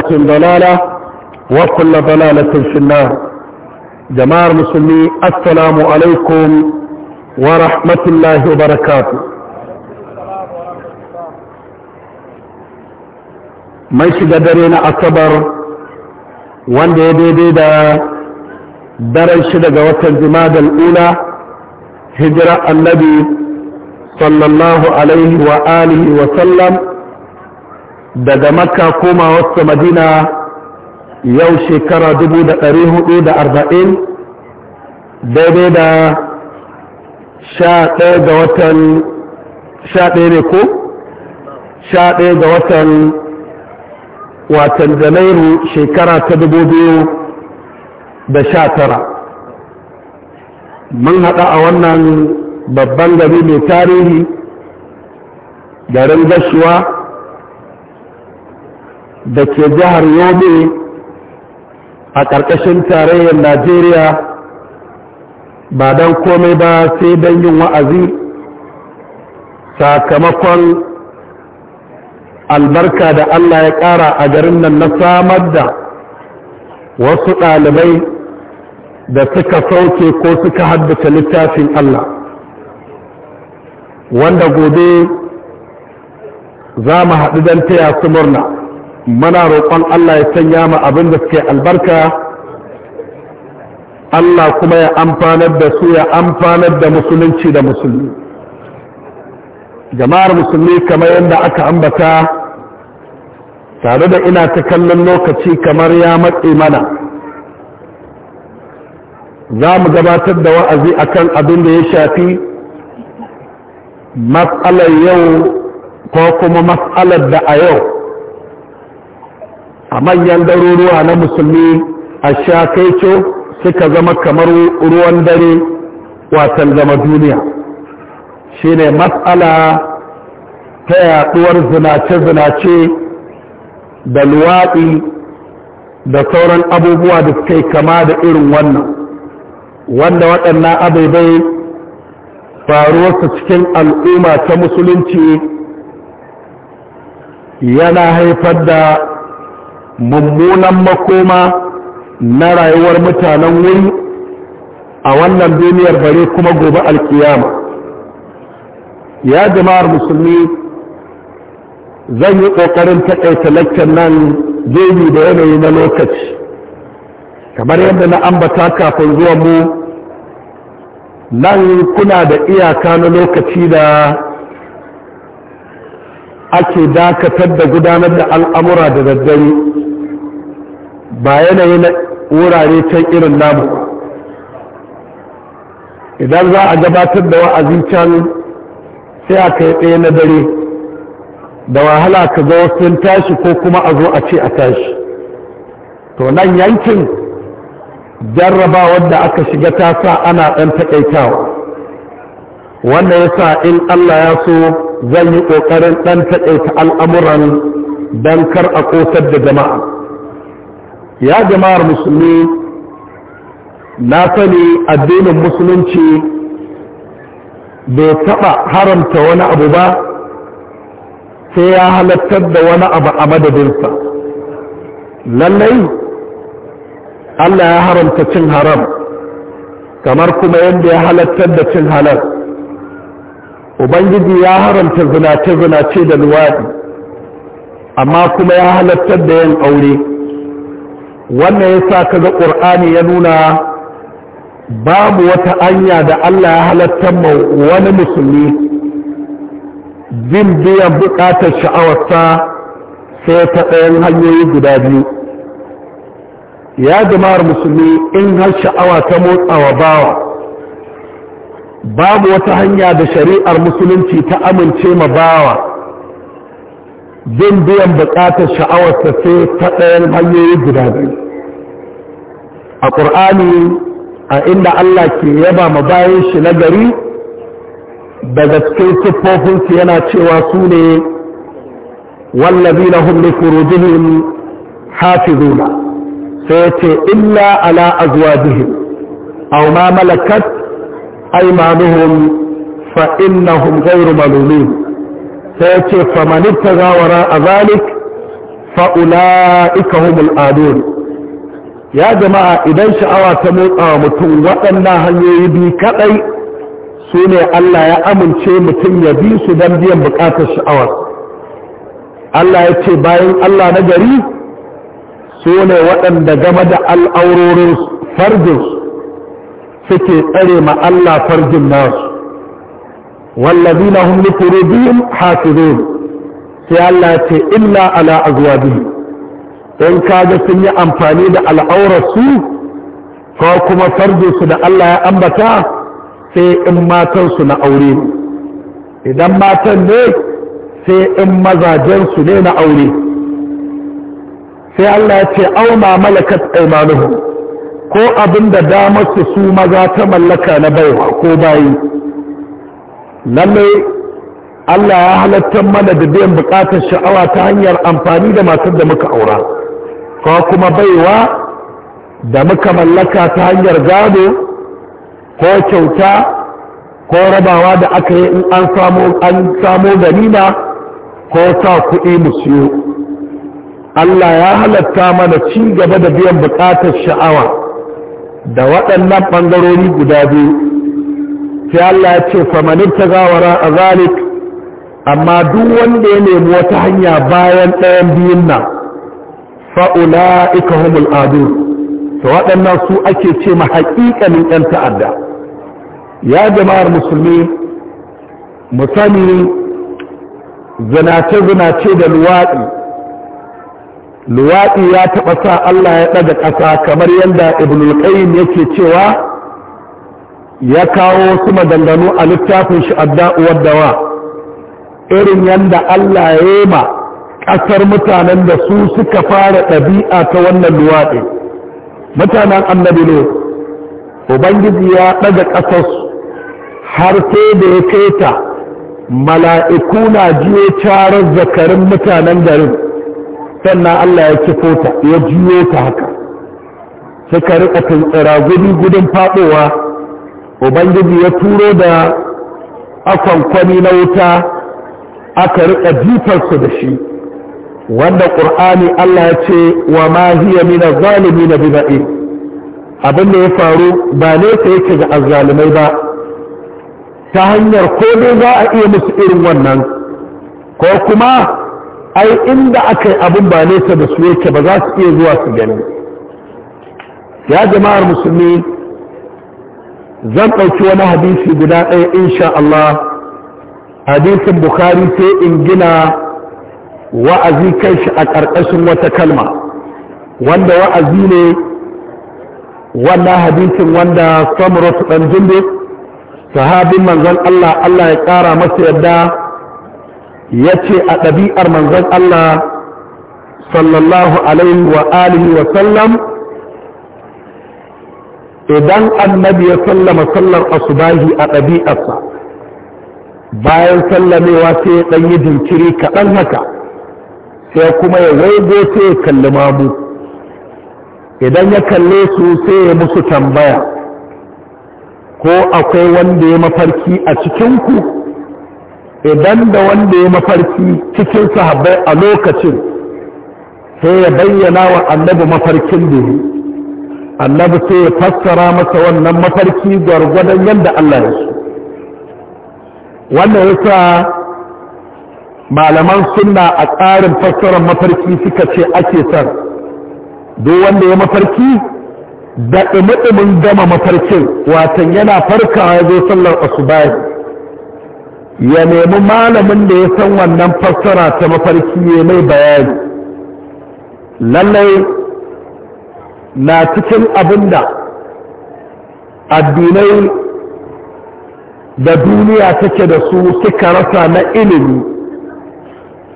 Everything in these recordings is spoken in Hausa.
ضلالة وكل ضلالة في النار جماعة المسلمين السلام عليكم ورحمة الله وبركاته ماشي قدرين أكبر وان دي دي دي دا درش دا قوات الزماد الأولى هجرة النبي صلى الله عليه وآله وسلم daga makka koma wasu madina yau shekara arba'in daidai da sha ɗaya ga watan sha ɗaya ne ko sha ɗaya ga watan watan janairu shekara ta dubu biyu da sha tara mun haɗa a wannan babban gari mai tarihi garin gashuwa da ke jihar yobe a ƙarƙashin tarayyar najeriya ba don komai ba sai don yin wa'azi sakamakon albarka da allah ya ƙara a garin nan na samar da wasu ɗalibai da suka sauke ko suka haddasa littafin allah wanda gobe za mu haɗu don taya su murna muna roƙon Allah ya sanya mu abin da suke albarka Allah kuma ya amfanar da su ya amfanar da musulunci da musulmi jama'ar musulmi kamar yadda aka ambata tare da ina ta kallon lokaci kamar ya matse mana za mu gabatar da wa'azi akan abin da ya shafi matsalar yau ko kuma matsalar da a yau a manyan daruruwa na musulmi a sha kaico suka zama kamar ruwan dare watan zama duniya Shi ne matsala ta yaduwar zinace-zinace da luwaɗi da sauran abubuwa da suka yi kama da irin wannan wanda waɗannan abubai faruwarsa cikin al'umma ta musulunci yana haifar da mummunan makoma na rayuwar mutanen wuri a wannan duniyar bare kuma gobe alkiyama ya jama'ar musulmi zan yi ƙoƙarin taƙaita lakcin nan daidai da yanayi na lokaci kamar yadda na ambata kafin zuwa mu nan kuna da iyaka na lokaci da ake dakatar da gudanar da al'amura da daddare ba yanayi na wurare can irin namu idan za a gabatar da wa'azi can sai a kai ɗaya na dare da wahala ka ga wasu tashi ko kuma a zo a ce a tashi to nan yankin jarraba wadda aka shiga ta sa ana ɗan taƙaitawa wanda ya sa in Allah ya so zan yi ƙoƙarin ɗan taƙaita al'amuran don kar a ƙosar da jama'a ya jama'ar musulmi na sani addinin musulunci bai taɓa haramta wani abu ba sai ya halattar da wani abu a madadinsa lallai Allah ya haramta cin haram kamar kuma yadda ya halattar da cin halar. ubangiji ya haramta zinace-zinace da luwaɗi amma kuma ya halattar da yin aure wannan ya sa kaga ƙur'ani ya nuna babu wata anya da Allah ya halatta ma wani musulmi bin biyan buƙatar sha'awarsa sai ta ɗayan hanyoyi guda biyu ya jama'ar musulmi in har sha'awa ta motsa wa bawa babu wata hanya da shari'ar musulunci ta amince ma bawa bin biyan bukatar sha'awarsa sai ta ɗayan hanyoyin guda biyu a ƙur'ani a inda Allah ke yaba ma bayan shi na gari daga cikin siffofinsu yana cewa su ne wallabi na hulli furujinin hafizuna sai ce illa ala azwajihim aw ma malakat aymanuhum fa innahum malumin sai ce famanin ta gawara a zalik fa'ula'ika humul adon ya jama'a idan sha'awa ta motsawa mutum waɗannan hanyoyi biyu kaɗai su ne Allah ya amince mutum ya bi su don biyan buƙatar sha'awar Allah ya ce bayan Allah na gari su ne waɗanda game da al'aurorin farjin suke tsare ma Allah farjin nasu والذين هم لفروجهم حافظون sai Allah ce illa ala biyu in kaga sun yi amfani da al'aurarsu ko kuma farjinsu da Allah ya ambata sai in matansu na aure idan matan ne sai in mazajensu ne na aure sai Allah ya ce auna malakat aimanuhu ko abin da damarsu su maza ta mallaka na baiwa ko bayi lallai Allah ya halattar mana da biyan bukatar sha'awa ta hanyar amfani da matar da muka aura ko kuma baiwa da muka mallaka ta hanyar gado ko kyauta ko rabawa da aka yi in an samo an ganima ko sa kuɗi mu siyo Allah ya halatta mana ci gaba da biyan bukatar sha'awa da waɗannan ɓangarori guda biyu sai Allah ya ce famanin ta gawara a zalik amma duk wanda ya nemi wata hanya bayan ɗayan biyun nan fa'ula ika humul adu ta waɗannan su ake ce ma haƙiƙanin ‘yan ta'adda ya jama'ar musulmi mu zinace-zinace da luwaɗi luwaɗi ya taɓa sa Allah ya ɗaga ƙasa kamar yadda ibn al yake cewa ya kawo wasu madandano a littafin shi adda'uwar dawa irin yadda Allah ya yi ma ƙasar mutanen da su suka fara ɗabi'a ta wannan luwaɗe mutanen annabi ne ubangiji ya ɗaga ƙasarsu har sai da ya kai ta mala'iku na jiye carar zakarin mutanen garin sannan Allah ya kifo ta ya jiye ta haka suka riƙa tuntsira gudun faɗowa ubangiji ya turo da akwankwani na wuta aka riƙa jifarsu da shi wanda ƙur'ani Allah ya ce wa ma hiya mina zalimi na biba'i abin da ya faru ba ne ta yake ga azzalimai ba ta hanyar ko ne za a iya musu irin wannan ko kuma ai inda aka yi abin ba da su yake ba za su iya zuwa su gani ya jama'ar musulmi zan ɗauki wani hadisi guda ɗaya insha Allah hadisin bukari sai in gina wa'azi kai shi a ƙarƙashin wata kalma wanda wa'azi ne wannan hadisin wanda su ɗan jinde sahabin manzan Allah Allah ya ƙara masa yadda ya ce a ɗabi'ar manzan Allah sallallahu alaihi wa alihi wa sallam idan annabi ya sallama sallar asubahi a ɗabi'arsa bayan sallamewa sai ya ɗanyi jinkiri kaɗan haka sai kuma ya waigo sai ya kalli mamu idan ya kalle su sai ya musu tambaya ko akwai wanda ya mafarki a cikinku idan da wanda ya mafarki cikin sahabbai a lokacin sai ya bayyana wa annabi mafarkin da annabi sai ya fassara masa wannan mafarki gwargwadon yadda Allah ya so wannan yasa malaman sunna a tsarin fassarar mafarki suka ce ake san duk wanda ya mafarki da ɗumi gama mafarkin watan yana farkawa ya zo sallar asubahi ya nemi malamin da ya san wannan fassara ta mafarki ya mai bayani lallai na cikin abin da addinai da duniya take da su suka rasa na ilimi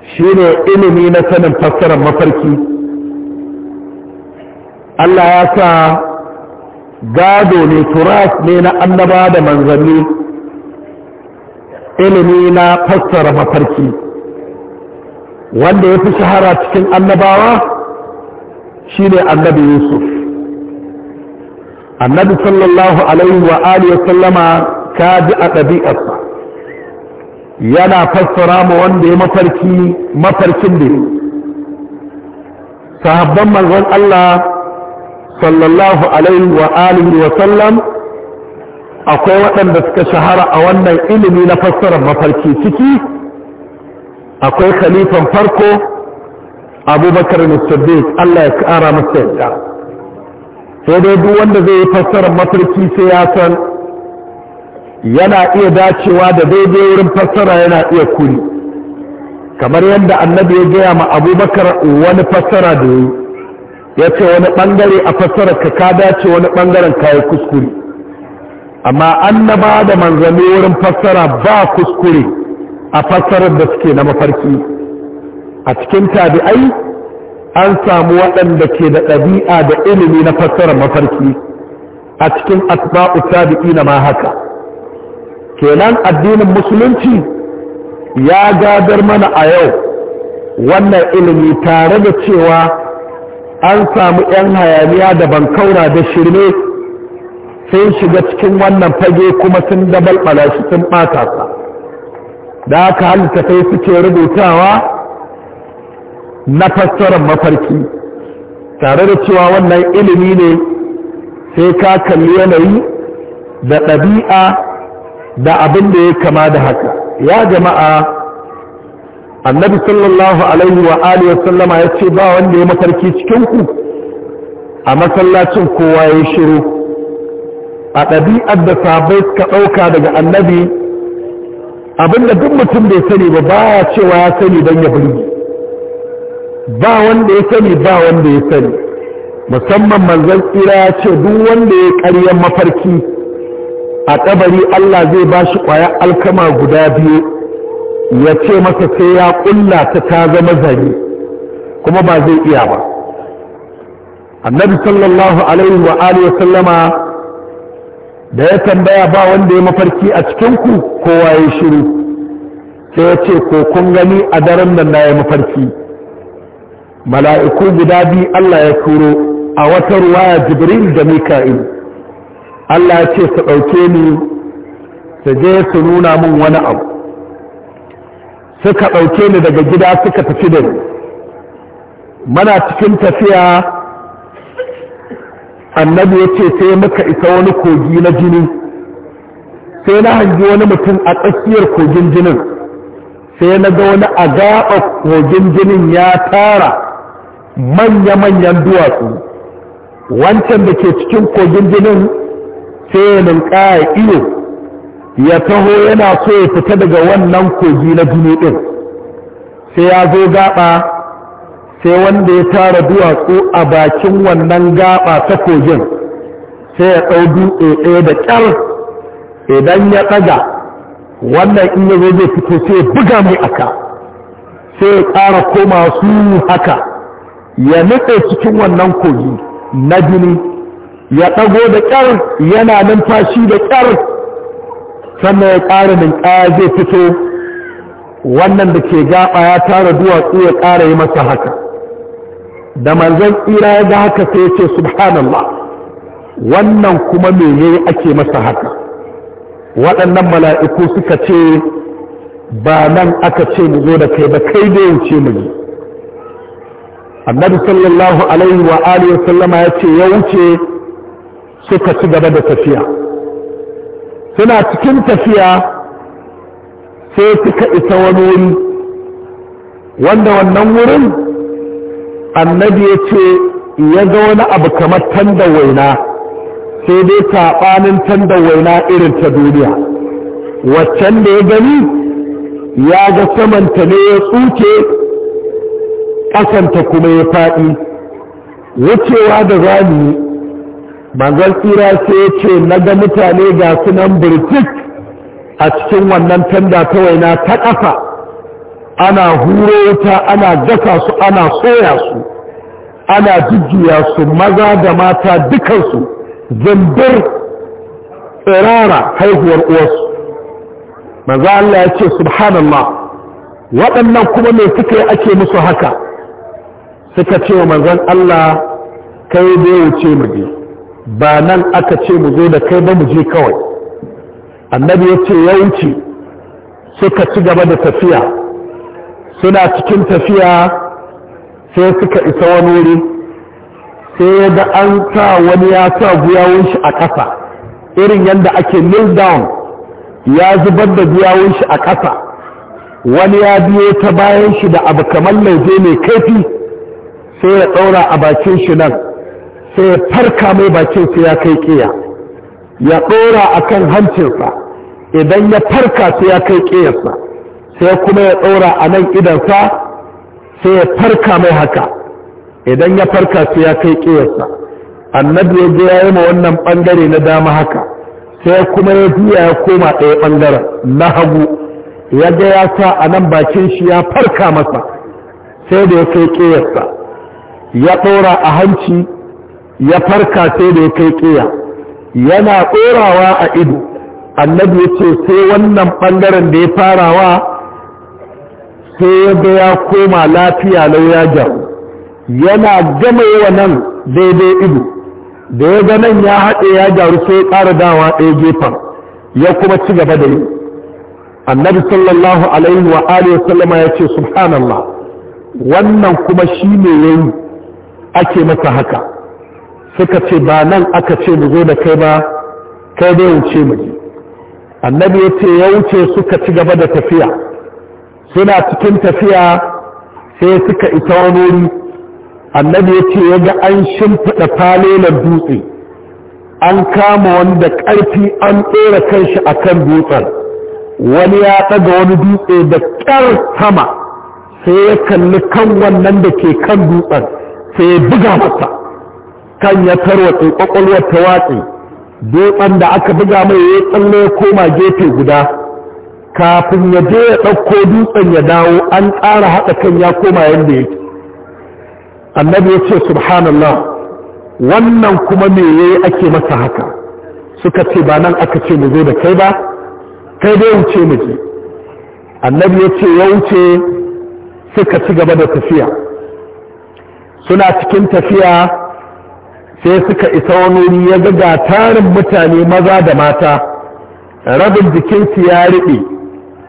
shine ilimi na sanin fassarar mafarki Allah ya sa gado ne turas ne na annaba da manzanni ilimi na fassara mafarki wanda ya fi shahara cikin annabawa shine annabi yusuf annabi sallallahu alaihi wa sallama ka ji a ɗabi'arsa yana fassara ma wanda ya mafarki mafarkin da ya sahabban manzon Allah sallallahu alaihi wa wa sallam akwai waɗanda suka shahara a wannan ilimi na fassarar mafarki ciki akwai khalifan farko abubakar siddiq Allah ya kara masa yadda sai dai duk wanda zai yi fassarar mafarki sai ya san yana iya dacewa da daidai wurin fassara yana iya kuri kamar yadda annabi ya gaya ma abubakar wani fassara da yi ya ce wani bangare a fassara ka ka dace wani bangaren yi kuskure amma annaba da manzanni wurin fassara ba kuskure a fassarar da suke na mafarki a cikin tabi'ai an samu waɗanda ke da ɗabi'a da ilimi na fassara mafarki a cikin asba'u tabi'i na ma haka kenan addinin musulunci ya gadar mana a yau wannan ilimi tare da cewa an samu 'yan hayaniya da ban bankaura da shirme sun shiga cikin wannan fage kuma sun dabalbala shi sun ɓata sa da aka halitta sai suke rubutawa na fassarar mafarki tare da cewa wannan ilimi ne sai ka kalli yanayi da ɗabi'a da abin da ya kama da haka ya jama'a annabi sallallahu alaihi wa alihi wasallama ya ce ba wanda ya mafarki cikinku a masallacin kowa ya shiru a ɗabi'ar da sabai suka ɗauka daga annabi abinda duk mutum bai sani ba baya cewa ya sani don ya burge ba wanda ya sani ba wanda ya sani musamman manzan tsira ya ce duk wanda ya karyar mafarki a ƙabari Allah zai ba shi ƙwayar alkama guda biyu ya ce masa sai ya ƙulla ta ta zama zari kuma ba zai iya ba annabi sallallahu alaihi wa alihi sallama da ya tambaya ba wanda ya mafarki a cikinku kowa ya shiru sai ya ce ko kun gani a daren nan na ya mafarki mala'iku guda biyu Allah ya turo a wata ruwaya jibril da mika'il Allah ya ce su ɗauke ni su je su nuna min wani abu suka ɗauke ni daga gida suka tafi da ni mana cikin tafiya annabi ya ce sai muka isa wani kogi na jini sai na hangi wani mutum a tsakiyar kogin jinin sai na ga wani a gaɓa kogin jinin ya tara manya-manyan duwatsu wancan da ke cikin kogin jinin sai ya ninka iyo ya taho yana so ya fita daga wannan kogi na jini ɗin sai ya zo gaɓa sai wanda ya tara duwatsu a bakin wannan gaɓa ta kogin sai ya ɗau dutse ɗaya da ƙyar idan ya ɗaga wannan in ya zo zai fito sai ya buga mai aka sai ya ƙara koma su haka ya nutse cikin wannan kogi na jini ya ɗago da ƙyar yana numfashi da ƙyar sannan ya ƙara ninƙaya zai fito wannan da ke gaɓa ya tara duwatsu ya ƙara yi masa haka da manzan tsira ya ga haka sai ya ce subhanallah wannan kuma mene ake masa haka waɗannan mala'iku suka ce ba nan aka ce mu zo da kai ba kai da ce mu yi annabi sallallahu alaihi wa alihi sallama ya ce ya wuce suka ci gaba da tafiya suna cikin tafiya sai suka isa wani wuri wanda wannan wurin annabi ya ce ya ga wani abu kamar tanda waina sai dai saɓanin tanda waina irin ta duniya waccan da ya gani ya ga samanta ne ya tsuke ƙasanta kuma ya faɗi wucewa da zani manzan tsira sai ce na ga mutane ga sunan birtik a cikin wannan tanda ta waina ta ƙasa ana huro wuta ana gasa su ana soya su ana jujjuya su maza da mata dukansu zambar tsirara haihuwar uwarsu manzan Allah ya ce subhanallah waɗannan kuma me suka yi ake musu haka suka ce wa manzon Allah kai dai wuce mu je ba nan aka ce mu zo da kai ba mu je kawai annabi ya ce ya wuce suka ci gaba da tafiya suna cikin tafiya sai suka isa wani wuri sai da an sa wani ya sa guyawun shi a ƙasa irin yadda ake kneel down ya zubar da guyawun shi a ƙasa wani ya biyo ta bayan shi da abu kamar lauje mai kaifi sai ya ɗaura a bakin shi nan sai ya farka mai bakin su ya kai ƙiya ya ɗora a kan hancinsa idan ya farka su ya kai ƙiyarsa sai kuma ya ɗora a nan idansa sai ya farka mai haka idan ya farka su ya kai ƙiyarsa annabi ya je ya yi ma wannan ɓangare na dama haka sai kuma ya biya ya koma ɗaya ɓangaren na hagu ya ga ya sa a nan bakin shi ya farka masa sai da ya kai ƙiyarsa ya ɗora a hanci ya farka sai da ya kai ƙiya yana ɗorawa a ido annabi ya ce sai wannan ɓangaren da ya farawa sai yadda ya koma lafiya lau ya jaru yana gama yawa nan daidai ido da ya ga nan ya haɗe ya jaru sai ya ƙara dawa ɗaya gefen ya kuma ci gaba da yi annabi sallallahu alaihi wa alihi wasallama ya ce subhanallah wannan kuma shi ne ya yi ake masa haka suka ce ba nan aka ce mu zo da kai ba kai ne wuce mu annabi ya ce ya wuce suka ci gaba da tafiya suna cikin tafiya sai suka ita wani annabi ya ce ya ga an shimfiɗa falelan dutse an kama wanda ƙarfi an ɗora kanshi a kan dutsen wani ya ɗaga wani dutse da ƙyar sama sai ya kalli kan wannan da ke kan dutsen sai buga masa kan ya tarwatsi kwakwalwar ta watsi dutsen da aka buga mai ya tsalle ya koma gefe guda kafin ya je ya ɗauko dutsen ya dawo an ƙara haɗa kan ya koma yadda ke annabi ya ce subhanallah wannan kuma me yi ake masa haka suka ce ba nan aka ce mu zo da kai ba kai dai wuce mu je annabi ya ce ya wuce suka ci gaba da tafiya suna cikin tafiya sai suka isa wani wuri ya ga tarin mutane maza da mata rabin jikinsu ya riɓe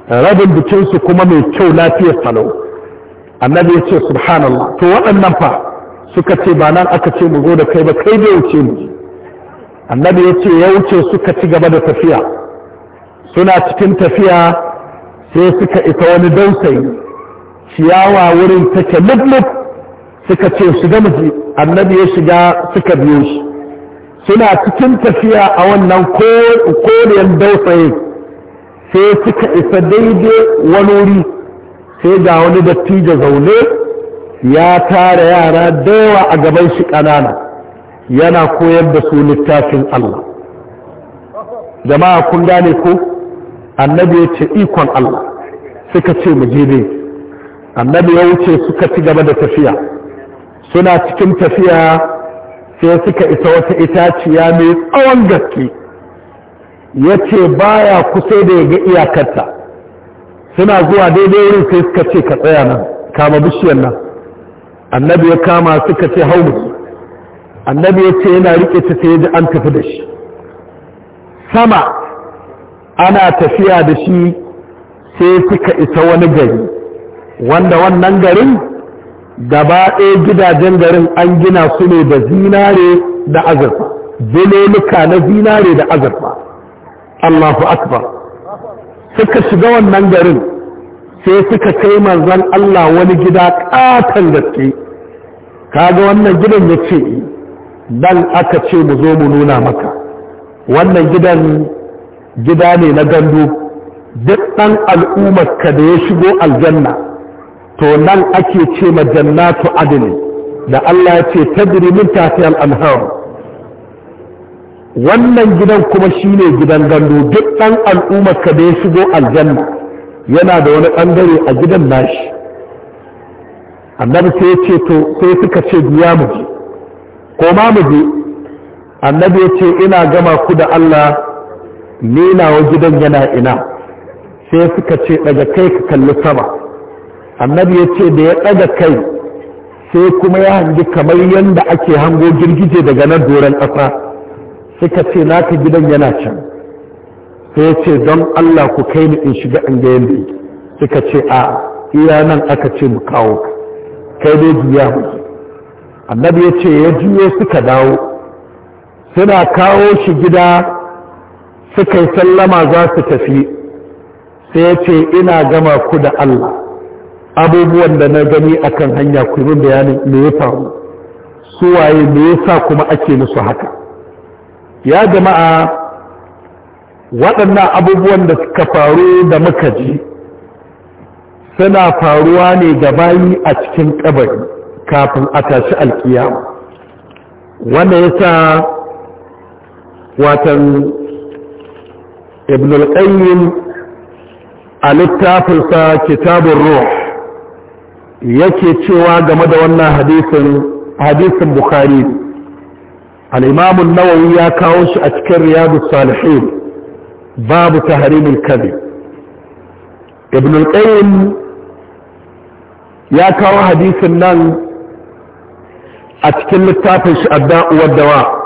rabin jikinsu kuma mai kyau lafiyar falau annabi ya ce subhanallah to waɗannan fa suka ce ba nan aka ce mu zo da kai ba kai da wuce mu annabi ya ce ya wuce suka ci gaba da tafiya suna cikin tafiya sai suka isa wani dausayi ciyawa wurin take lublub suka ce shiga mu annabi ya shiga suka biyo shi suna cikin tafiya a wannan koriyan dausaye sai suka isa daidai wani sai ga wani dattijo zaune ya tara yara dawa a gaban shi ƙanana yana koyar da su littafin Allah jama'a kun gane ko annabi ya ce ikon Allah suka ce mu je annabi ya wuce suka ci gaba da tafiya suna cikin tafiya sai suka isa wata itaciya mai tsawon gaske ya ce baya kusa da ya ga iyakarta suna zuwa daidai wurin sai suka ce ka tsaya nan kama bishiyar nan annabi ya kama suka ce hau su annabi ya ce yana rike ta sai ji an tafi da shi sama ana tafiya da shi sai suka isa wani gari wanda wannan garin gaba ɗaya gidajen garin an gina su ne da zinare da azurfa zeleluka na zinare da azurfa Allahu akbar suka shiga wannan garin sai suka kai manzan Allah wani gida ƙatan gaske kaga wannan gidan ya ce dan aka ce mu zo mu nuna maka wannan gidan gida ne na gandu duk ɗan al'ummarka da ya shigo aljanna to nan ake ce ma jannatu adini da Allah ya ce tadri min tahtiha al-anhar wannan gidan kuma shine gidan gandu duk dan al'umma ka da ya shigo aljanna yana da wani bangare a gidan nashi annabi sai ya ce to sai suka ce biya mu je ko ma mu je annabi ya ce ina gama ku da Allah ni nawa gidan yana ina sai suka ce daga kai ka kalli sama annabi ya ce da ya ɗaga kai sai kuma ya hangi kamar yadda ake hango girgije daga nan doron ƙasa suka ce naka gidan yana can sai ya ce don allah ku kai ni in shiga an ga yadda suka ce a iya nan aka ce mu kawo kai dai juya mu annabi ya ce ya juyo suka dawo suna kawo shi gida suka yi sallama za su tafi sai ya ce ina gama ku da allah abubuwan da na gani akan hanya ku yi bayanin me ya faru suwaye me yasa kuma ake musu haka ya jama'a waɗannan abubuwan da suka faru da muka ji suna faruwa ne ga bayi a cikin ƙabari kafin a tashi alkiyama wanda sa watan ibn al-qayyim a littafinsa kitabun ruh yake cewa game da wannan hadisin hadisin bukhari al nawawi ya kawo shi a cikin Riyadu salihin babu tahrimul kadhib ibn al ya kawo hadisin nan a cikin littafin shi uwar dawa.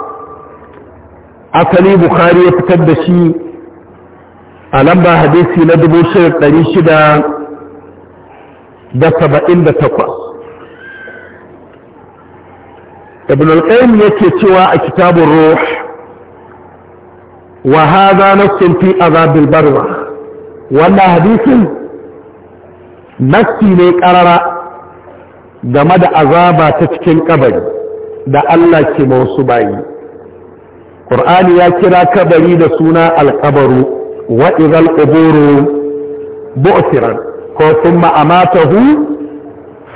asali bukhari ya fitar da shi a lamba hadisi na 1600 da saba'in da takwas ibn al-qayyim yake cewa a kitabun ruh wa hadha nassun fi azab al-barwa wannan hadisin nassi ne karara game da azaba ta cikin kabari da Allah ke wasu bayi Qur'ani ya kira kabari da suna al-qabru wa idhal quburu bu'thirat ko sun ma'amatahu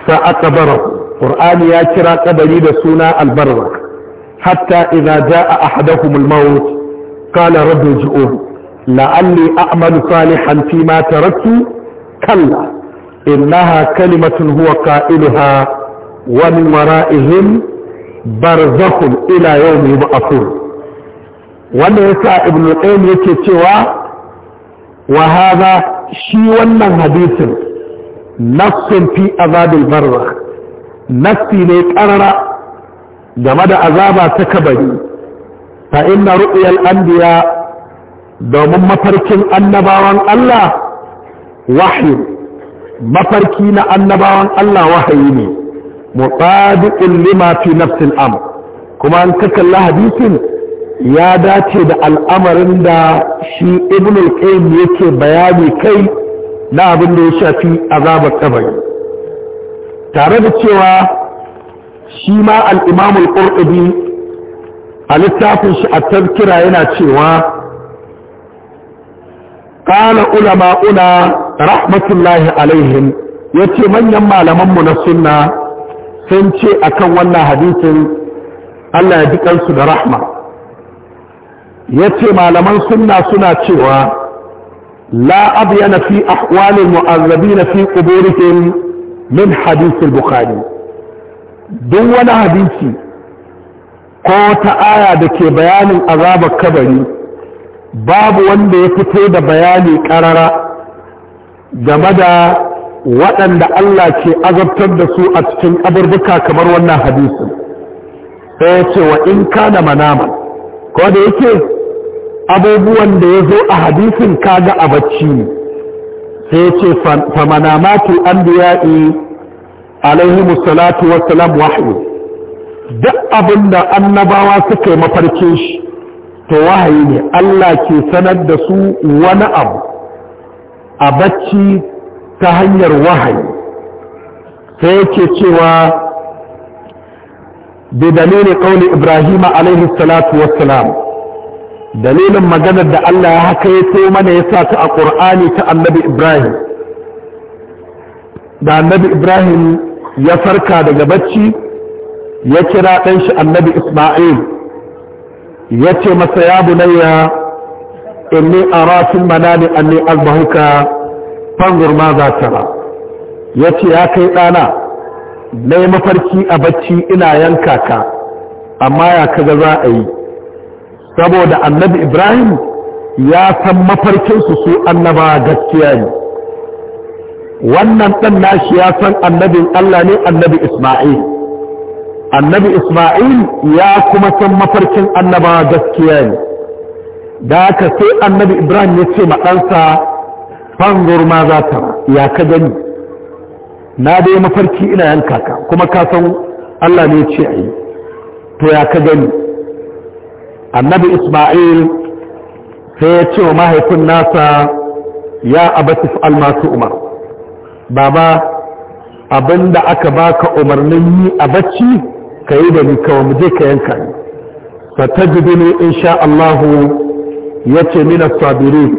sa aka ƙur'ani ya kira kabari da suna albarra hatta idza jaa ahaduhumul maut qala rabbi ji'un la'alli a'malu salihan fi ma taraktu kalla innaha kalimatun huwa qailuha wa min wara'ihim barzakhun ila yawmi yub'athun wannan yasa ibnu qayyim yake cewa wa hadha shi wannan hadisin nassin fi azabil barra nassi ne karara game da azaba ta kabari fa inna ru'yal anbiya domin mafarkin annabawan Allah wahyi mafarki na annabawan Allah wahayi ne mutadiqun lima fi nafsil amr kuma an ka kalla hadisin ya dace da al'amarin da shi ibn al-qayyim yake bayani kai na abin da ya shafi azabar kabari tare da cewa shi ma al-imam al-qurtubi a littafin shi a tazkira yana cewa qala una rahmatullahi alaihim yace manyan malaman mu na sunna sun ce akan wannan hadisin Allah ya ji kansu da rahma ya ce malaman sunna suna cewa la abyana fi ahwalil mu'azzabina fi quburihim min hadith al-bukhari duk wani hadisi ko ta aya da ke bayanin azabar kabari babu wanda ya fito da bayani karara game da waɗanda Allah ke azabtar da su a cikin aburbuka kamar wannan hadisin sai ya ce wa in kana manama ko da yake abubuwan da ya zo a hadisin kaga a bacci sai ya ce famanamatu an biya'i alaihi musalatu wasalam wahayi duk abin da annabawa suka yi mafarkin shi to wahayi ne Allah ke sanar da su wani abu a bacci ta hanyar wahayi sai ce cewa da dalilin ƙauni ibrahim alaihi salatu wasalam dalilin maganar da Allah ya haka ya so mana ya sa ta a ƙur'ani ta annabi Ibrahim da annabi Ibrahim ya farka daga bacci ya kira ɗan shi annabi Ismail ya ce masa ya bunayya inni ara fil manami anni azbahuka fanzur ma za tara ya ce ya kai ɗana na mafarki a bacci ina yanka ka amma ya kaga za a yi saboda annabi ibrahim ya san mafarkinsu su annaba gaskiya ne wannan ɗan nashi ya san annabin allah ne annabi isma'il annabi isma'il ya kuma san mafarkin annaba gaskiya ne da ka sai annabi ibrahim ya ce maɗansa fangur ma za ta ya ka gani na dai mafarki ina yanka ka kuma ka san allah ne ce a yi to ya ka gani annabi isma'il sai ya ce wa mahaifin nasa ya abati fa'al masu umar baba abinda aka baka umarnin yi a bacci ka yi da ni kawai mu je ka yanka ni fa ne, insha Allah yace min as-sabirin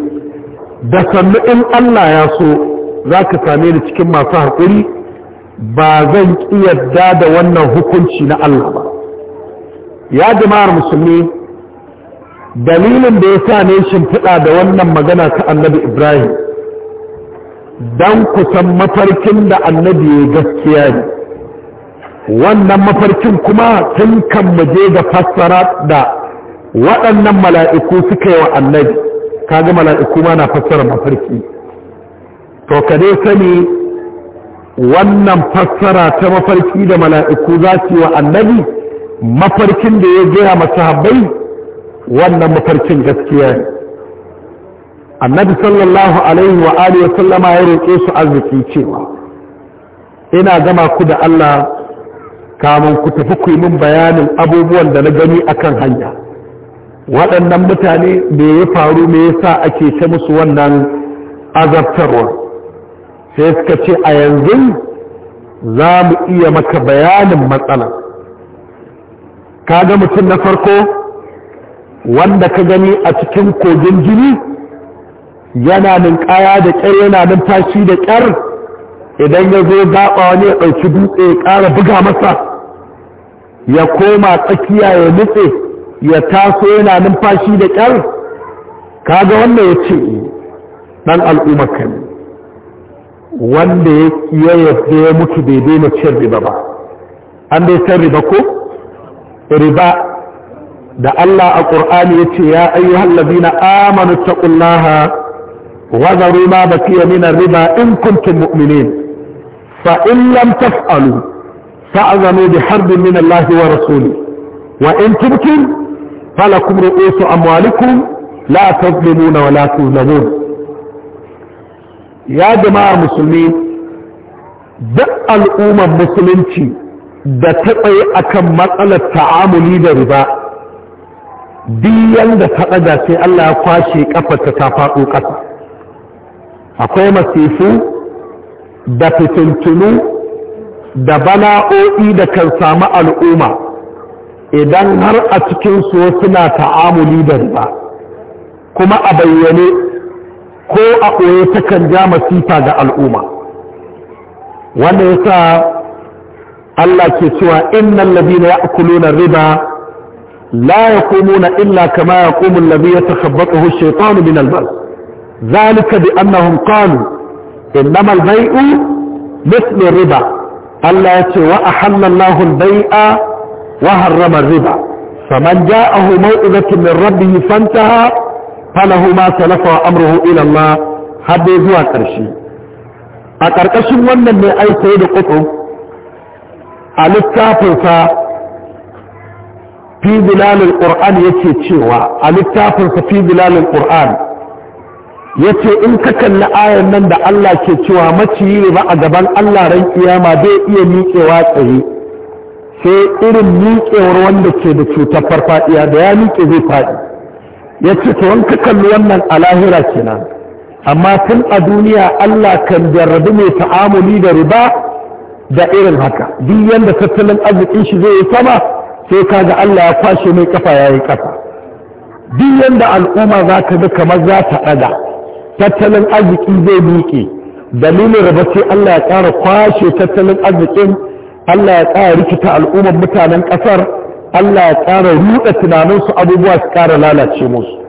da sannu in Allah ya so zaka same ni cikin masu haƙuri? ba zan yarda da wannan hukunci na Allah ba ya jama'ar musulmi dalilin da ya sa ne shimfiɗa da wannan magana ta annabi ibrahim don kusan mafarkin da annabi ya gaskiya ne wannan mafarkin kuma tun kan muje ga fassara da waɗannan mala'iku suka yi wa annabi kaga mala'iku ma na fassara mafarki to ka dai sani wannan fassara ta mafarki da mala'iku za su yi wa annabi mafarkin da ya gaya masahabai wannan mafarkin gaskiya ne. annabi sallallahu alaihi wa alihi wa sallama ya roƙe su arziki cewa ina gama ku da Allah kamun ku tafi ku yi min bayanin abubuwan da na gani akan hanya waɗannan mutane me ya faru me yasa ake ta musu wannan azabtarwa sai suka ce a yanzu za mu iya maka bayanin matsala kaga mutum na farko wanda ka gani a cikin kogin jini yana kaya da ƙyar yana numfashi da ƙyar idan ya zo gaba wani ya ɗauki dutse ya ƙara buga masa ya koma tsakiya ya nutse ya taso yana numfashi da ƙyar kaga wanda ya ce ɗan al'ummar ka ne wanda ya yarda ya mutu bai daina cin riba ba an dai san riba ko riba da Allah a ƙur'ani ya ce ya ayyuhan labina amanu taqullaha Waza zaru ma baqiya min riba in kuntum mu'minin fa in lam taf'alu fa'zanu bi harbin min Allah wa rasuli wa in tubtum falakum ru'usu amwalikum la tadhlimuna wa la tuzlamun ya jama'a musulmi duk al'ummar musulunci da ta tsaye akan matsalar ta'amuli da riba Biyan da ta ɗaga sai Allah ya kwashe ƙafarta ta faɗo ƙasa akwai masifu da fitintunu da bana'o'i da kan samu al'umma idan har a cikin su suna ta'amuli da riba kuma a bayyane ko a ɓoye takan ja masifa ga al'umma wanda ya sa Allah ke cewa innan labina ya riba لا يقومون إلا كما يقوم الذي يتخبطه الشيطان من البلد ذلك بأنهم قالوا إنما البيع مثل الربا ألا وأحل الله البيع وهرم الربا فمن جاءه موئذة من ربه فانتهى فله ما سلف وأمره إلى الله هبه ذو أكرشي أكركش ونن من أي سيد قطب ألتافه fi bilalin ƙur'an yake cewa a littafinsa fi bilalin ƙur'an ya ce in ka kalli ayan nan da Allah ke cewa maciyi ne ba a gaban Allah ran kiyama zai iya miƙewa tsaye sai irin miƙewar wanda ke da cutar farfaɗiya da ya miƙe zai faɗi ya ce to in ka kalli wannan a lahira kenan amma tun a duniya Allah kan jarrabi mai ta'amuli da riba da irin haka duk yanda tattalin arzikin shi zai yi sama sai kaga Allah ya kwashe mai kafa yi kafa duk yanda al'umma za ta bi kamar za ta ɗaga tattalin arziki zai miƙe dalilin raba sai Allah ya ƙara kwashe tattalin arzikin Allah ya ƙara rikita al'ummar mutanen ƙasar Allah ya ƙara ruɗa tunaninsu abubuwa su ƙara lalace musu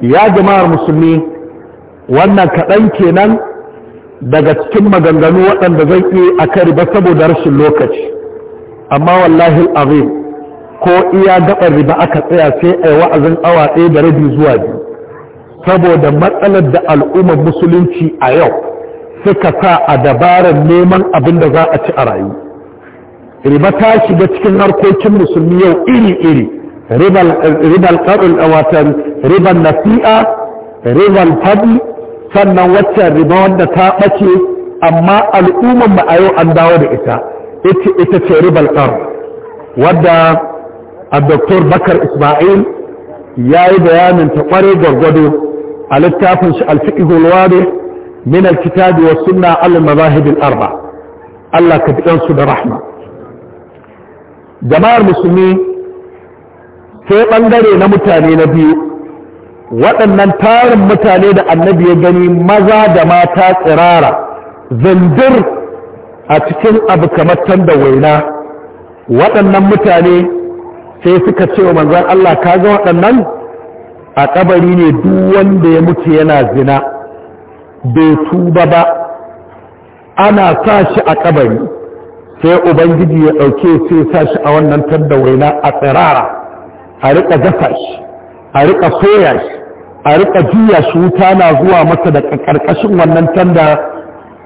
ya jama'ar musulmi wannan kaɗan kenan daga cikin maganganu waɗanda zan iya a kari ba saboda rashin lokaci amma wallahi azim ko iya gaɓar riba aka tsaya sai a wa'azin awa ɗaya da rabi zuwa biyu saboda matsalar da al'ummar musulunci a yau suka sa a dabarar neman abin da za a ci a rayu riba ta shiga cikin harkokin musulmi yau iri-iri ribal ƙar'ul a watan ribal nasi'a ribar fadi sannan waccan riba wanda ta ɓace amma al'ummar ba a yau an dawo da ita ita ce ribar ƙar wadda a doktor bakar ismail ya yi bayanin ta kware gwargwado a littafin shi alfi'ihul wade min alkitabi wa sunna al-mazahib arba Allah ka fitan su da rahma jama'ar musulmi sai ɓangare na mutane na biyu waɗannan tarin mutane da annabi ya gani maza da mata tsirara zindir a cikin abu kamar da waina waɗannan mutane sai suka ce wa manzan Allah ka ga waɗannan a ƙabari ne duk wanda ya mutu yana zina bai tuba ba ana sa shi a ƙabari. sai ubangiji ya ɗauke sai sa shi a wannan tadda waina a tsirara a riƙa gasa shi a riƙa soya shi a riƙa juya shi wuta na zuwa masa da ƙarƙashin wannan tanda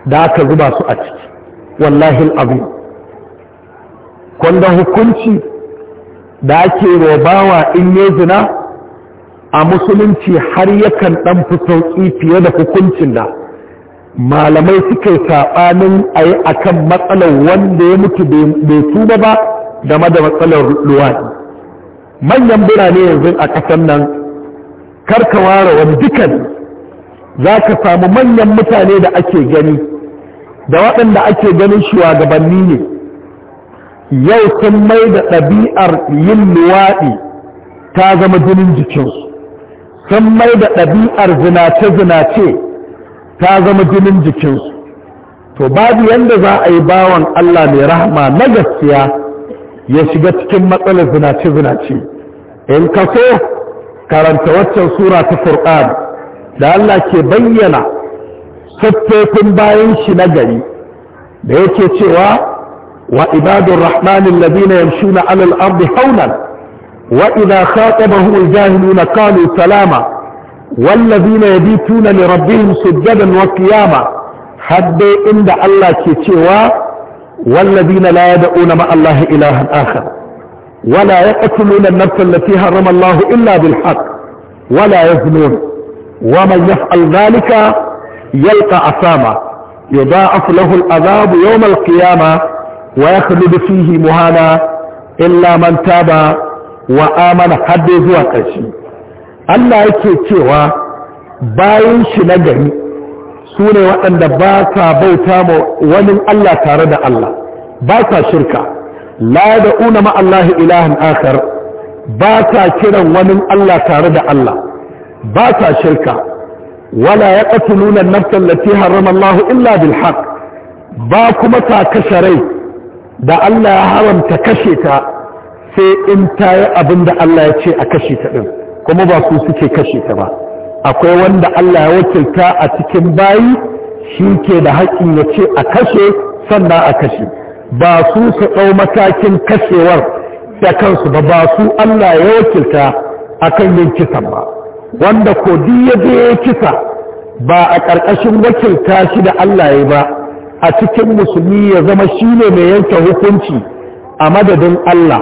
da aka zuba su a ciki wallahi abu. kwanda hukunci da ake wa bawa in ya zina a musulunci har yakan ɗan fi sauki fiye da hukuncin da malamai suke saɓanin a yi a kan matsalar wanda ya mutu bai tuba ba game da matsalar luwaɗi manyan birane yanzu a ƙasar nan ware wani dukan za ka samu manyan mutane da ake gani da waɗanda ake ganin shugabanni ne yau sun mai da ɗabi'ar yin luwaɗi ta zama jinin jikinsu sun mai da ɗabi'ar zinace-zinace ta zama jinin jikinsu to babu yadda za a yi bawon Allah mai rahama na gaskiya ya shiga cikin matsalar zinace-zinace in ka so karanta waccan sura ta Qur'an da Allah ke bayyana siffofin bayan shi na gari da yake cewa وعباد الرحمن الذين يمشون على الأرض حولا وإذا خاطبهم الجاهلون قالوا سلاما والذين يبيتون لربهم سجدا وقياما حد عند الله كتوا والذين لا يدعون مع الله إلها آخر ولا يقتلون النفس التي حرم الله إلا بالحق ولا يزنون ومن يفعل ذلك يلقى أثاما يضاعف له العذاب يوم القيامة wa yakhludu fihi muhana illa man taba wa'amala amana hadde zuwa ƙarshe Allah yake cewa bayan shi na gari su waɗanda ba ka bauta wa wani Allah tare da Allah ba ka shirka la da una ma Allah ilahan akar ba ka kiran wani Allah tare da Allah ba ka shirka wala ya ƙatulunan nafsan lati haram illa bilhaq. ba kuma ta kashe rai da Allah ya haramta kashe ta sai in ta yi abin da Allah ya ce a kashe ta ɗin kuma ba su suke kashe ta ba akwai wanda Allah ya wakilta a cikin bayi shi ke da haƙin ya ce a kashe sannan a kashe ba su su ɗau matakin kashewar da kansu ba ba su Allah ya wakilta a kan yin kisan ba wanda ko ya je ya kisa ba a ƙarƙashin wakilta shi da Allah ya ba a cikin musulmi ya zama shi ne mai yanke hukunci a madadin Allah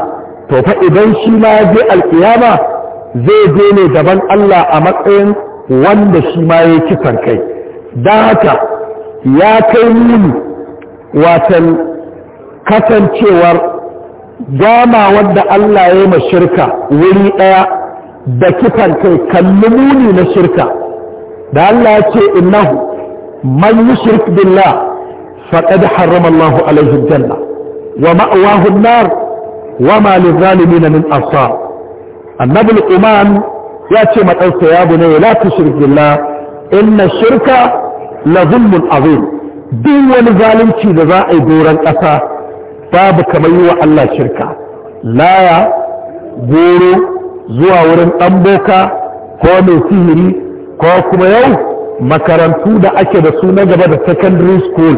to fa idan shi ma ya je alkiyama zai je ne daban Allah a matsayin wanda shi ma ya kisan kai da haka ya kai nuni watan kasancewar gama wanda Allah ya yi ma shirka wuri ɗaya da kifan kai kalli muni na shirka da Allah ya ce innahu man yushrik billah فقد حرم الله عليه الجنة ومأواه النار وما للظالمين من أنصار النبي الأمان يأتي ما قلت يا بني لا تشرك بالله إن الشرك لظلم عظيم دين ولظالم في ذراء دورا أسا باب كما يوى الله شركة لا يا goro zuwa wurin ɗan boka ko mai sihiri ko kuma yau makarantu da ake da su na gaba da secondary school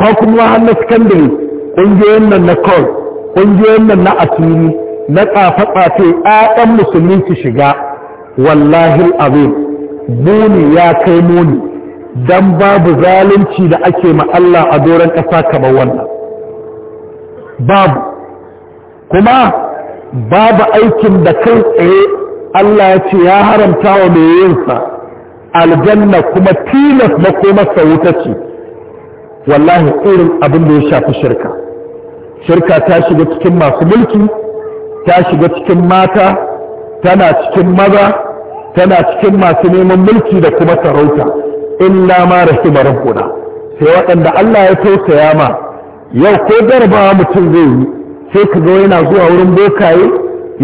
ko kuma na sakandare ƙungiyoyin nan na kawai, ƙungiyoyin nan na asiri na tsafe-tsafe ƴaƴan musulmi su shiga wallahi abin muni ya kai muni don babu zalunci da ake ma a doron ƙasa kamar wannan babu kuma babu aikin da kai tsaye Allah ya ce ya haramta wa mai yinsa aljanna kuma tilas makomarsa wuta ce wallahi irin abin da ya shafi shirka shirka ta shiga cikin masu mulki ta shiga cikin mata tana cikin maza tana cikin masu neman mulki da kuma sarauta In illa ma rahima rabbuna sai waɗanda Allah ya tausaya ma yau ko garbawa mutum zai yi sai ka ga yana zuwa wurin bokaye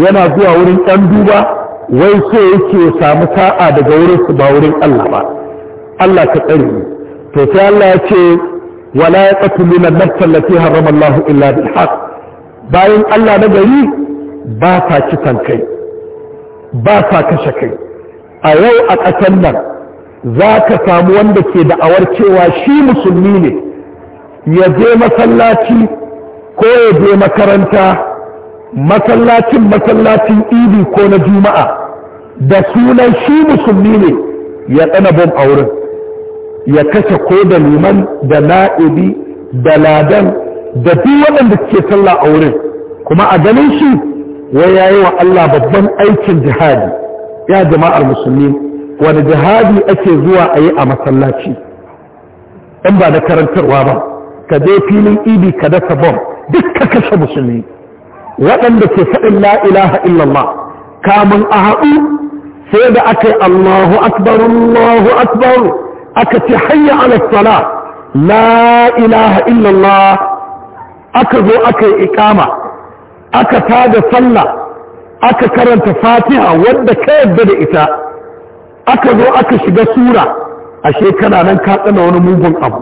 yana zuwa wurin ɗan duba wai so yake samu sa'a daga wurin su ba wurin Allah ba Allah ka tsare to sai Allah ya ce wala ya qatluna nafsa allati harrama Allah illa bil bayan Allah na gari ba kisan kai ba kashe kai a yau a ƙasar nan za ka samu wanda ke da'awar cewa shi musulmi ne ya je masallaci ko ya je makaranta masallacin masallacin idi ko na juma'a da sunan shi musulmi ne ya tsana bom a wurin ya kashe ko da liman da na'ibi da ladan da duk waɗanda suke sallah a wurin kuma a ganin shi wai yi wa Allah babban aikin jihadi ya jama'ar musulmi wani jihadi ake zuwa a yi a masallaci in ba da karantarwa ba ka je filin idi ka dasa bom duk ka kashe musulmi waɗanda ke faɗin la ilaha illallah kamun a haɗu sai da aka yi Allahu akbar Allahu akbar aka ce hanya ala sala la ilaha illallah aka zo aka yi ikama aka tada sallah aka karanta fatiha wadda ka yadda da ita aka zo aka shiga sura a shekara nan ka tsana wani mugun abu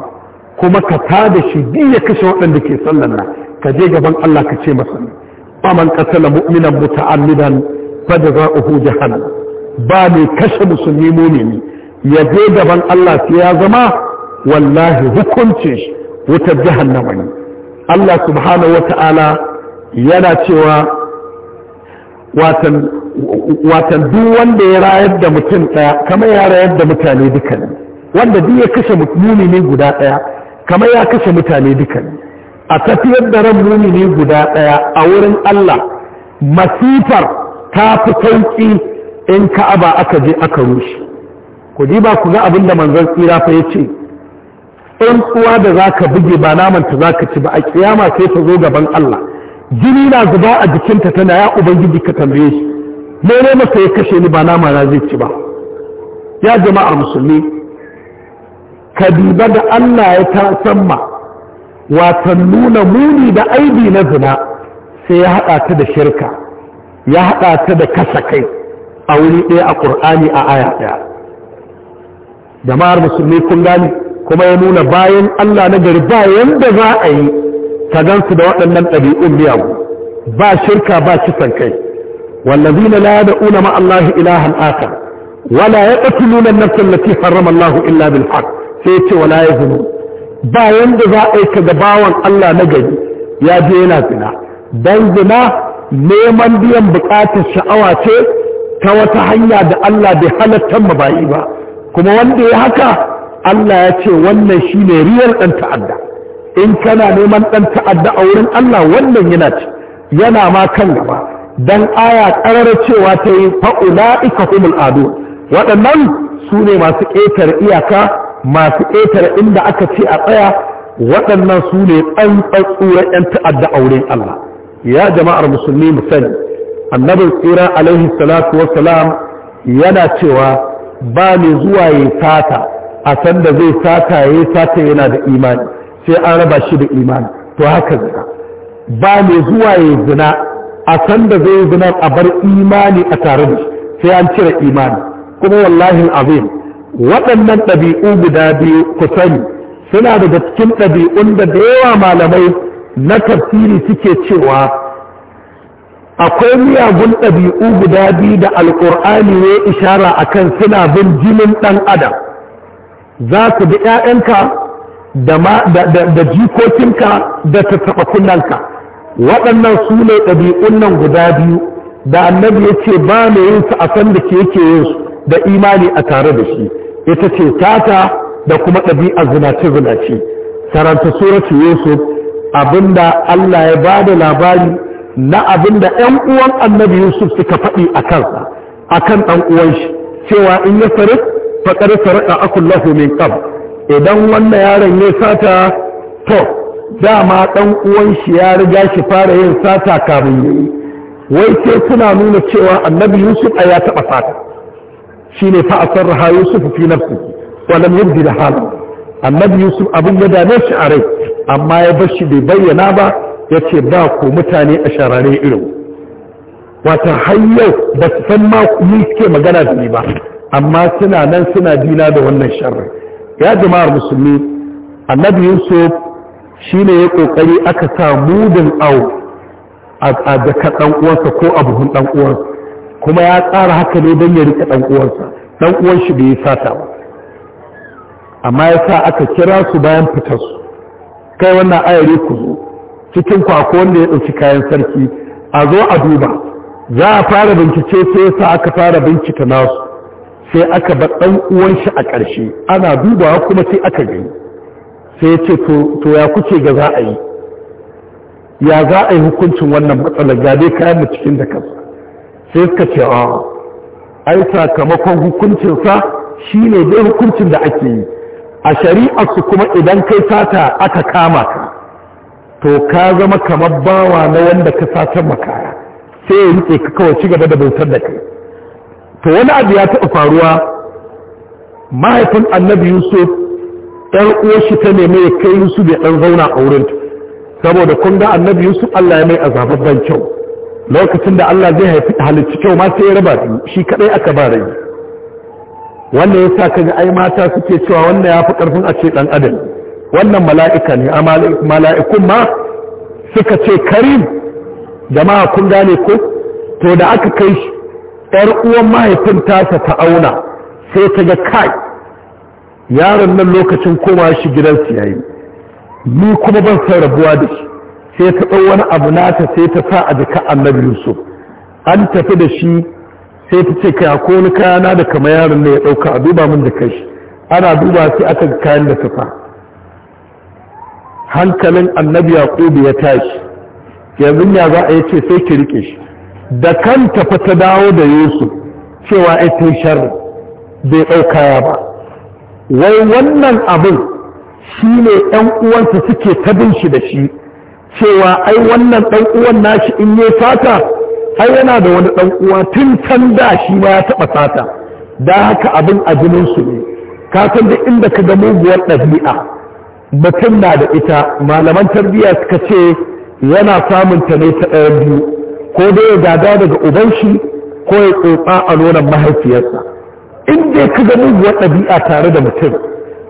kuma ka tada shi ya kashe waɗanda ke sallan nan ka je gaban Allah ka ce masa ba man qatala mu'minan muta'ammidan fa jazaohu jahannam ba mai kashe musulmi mumini ya daban Allah sai ya zama wallahi hukuncin shi wutar jahannama ne Allah subhanahu wata'ala yana cewa watan duk wanda ya rayar da mutum daya kamar ya rayar da mutane dukkanin wanda duk ya kashe mumini guda ɗaya kamar ya kashe mutane dukkanin a tafiyar da ran mumini guda ɗaya a wurin Allah masifar ta fi sauƙi in ka'aba aka je aka rushe ku ji ba ku ga abin da manzon tsira fa ya ce ɗan uwa da za ka buge ba namanta za ka ci ba a kiyama sai ta zo gaban Allah jini na zuba a jikinta tana ya ubangiji ka tambaye shi mene masa ya kashe ni ba nama na zai ci ba ya jama'a musulmi ka da Allah ya ta samma watan nuna muni da aibi na zina sai ya haɗa ta da shirka ya haɗa ta da kasa kai a wuri ɗaya a ƙur'ani a aya jama'ar musulmi kun gani kuma ya nuna bayan Allah na gari ba yanda za a yi ka gansu da waɗannan ɗabi'un miyagu ba shirka ba kisan kai wallazina la una ma Allah ilahan akhar wala ya an-nafs allati harrama Allah illa bil haqq sai ce wala yazunu ba yanda za a yi ka gabawan Allah na gari ya je yana zina dan zina neman biyan bukatar sha'awa ce ta wata hanya da Allah bai halatta bayi ba kuma wanda ya haka Allah ya ce wannan shi ne riyar ɗan ta'adda in kana neman ɗan ta'adda a wurin Allah wannan yana ci yana ma kan gaba dan aya ƙarar cewa ta yi fa'ula'ika humul Ado, waɗannan su ne masu ƙetare iyaka masu ƙetare inda aka ce a tsaya waɗannan su ne tsantsatsuran 'yan ta'adda a wurin Allah ya jama'ar musulmi mu sani annabin tsira alaihi salatu wasalam yana cewa ba ne zuwa ya sata a sanda zai sata ya sata yana da imani sai an raba shi da imani to haka zina ba mai zuwa ya zina a sanda zai zina a bar imani a tare da sai an cire imani kuma wallahi azim waɗannan ɗabi'u guda biyu ku sani suna daga cikin ɗabi'un da da yawa malamai na tafsiri suke cewa akwai miyagun ɗabi'u guda biyu da alƙur'ani ya ishara a kan suna bin jinin ɗan adam za su bi 'ya'yanka da jikokinka da taɓa kunanka waɗannan su ne ɗabi'un nan guda biyu da annabi ya ce ba mu yin su a san da ke yake yin su da imani a tare da shi ita ce tata da kuma ɗabi'a zinace-zinace saranta suratu yusuf abinda allah ya ba da labari na abin da ‘yan uwan annabi Yusuf suka faɗi a kansa a kan ɗan uwan shi cewa in ya faru faƙar faruɗa akun lahu min idan wannan yaron ya sata to dama ɗan uwan shi ya riga shi fara yin sata kamun yi wai sai suna nuna cewa annabi Yusuf a ya taɓa sata shi ne fa a sarraha Yusuf fi nafsi walam yadda da halin annabi Yusuf abin ya dame shi a rai amma ya bar shi bai bayyana ba ya ce ba ku mutane a sharare irin wata hanyar ba su san ma ni suke magana da ni ba amma suna nan suna dina da wannan sharri ya jama'ar musulmi annabi yusuf shi ne ya kokari aka sa mudin au a jaka ɗan uwansa ko a buhun ɗan uwansa kuma ya tsara haka ne don ya rike ɗan uwansa ɗan uwan shi bai yi sata ba amma ya sa aka kira su bayan fitar su kai wannan ayari ku zo cikin kwako wanda ya ɗauki kayan sarki a zo a duba za a fara bincike sai sa aka fara bincika nasu sai aka ba ɗan uwan shi a ƙarshe ana dubawa kuma sai aka gani sai ya ce to ya kuce ga za a yi ya za a yi hukuncin wannan matsalar ga dai kayan mu cikin da kansa sai suka ce a ai sakamakon hukuncinsa shine dai hukuncin da ake yi a su kuma idan kai sata aka kama ka to ka zama kamar bawa na wanda ka satar makaya sai ya rike ka kawai ci gaba da bautar da kai to wani abu ya taɓa faruwa mahaifin annabi yusuf ɗan uwarshi ta neme ya kai yusuf ya ɗan zauna a wurin saboda kun ga annabi yusuf allah ya mai ban kyau lokacin da allah zai haifi halicci kyau ma sai ya raba biyu shi kaɗai aka ba rai wannan ya sa ka ga ai mata suke cewa wannan ya fi ƙarfin a ce ɗan adam wannan mala'ika ne a mala'ikun ma suka ce karim jama'a kun gane ko to da aka kai shi ‘yar uwan mahaifin tasa ta auna sai ta ga kai yaron nan lokacin koma shi gidan ya ni kuma ban san rabuwa da shi sai ta ɗau wani abu nata sai ta sa a jika annabi yusuf an tafi da shi sai ta ce kai ko wani kayana da kama yaron ne ya ɗauka a duba min da kai ana duba sai aka kayan da ta fa hankalin annabi yaqubu ya tashi yanzu ya za a ce sai ki rike shi da kanta fa ta dawo da yusuf cewa ai tun sharri bai ya ba wai wannan abin shi ne ɗan uwansa suke tabin shi da shi cewa ai wannan ɗan uwan nashi in yi fata ai yana da wani ɗan uwa tun can da shi ma ya taɓa fata da haka abin a jininsu ne ka san da inda ka ga muguwar ɗabi'a mutum na da ita malaman tarbiyya suka ce yana samun ta ne ta ɗaya biyu ko dai ya gada daga uban shi ko ya tsotsa a nonon mahaifiyarsa in dai ka gani wa ɗabi'a tare da mutum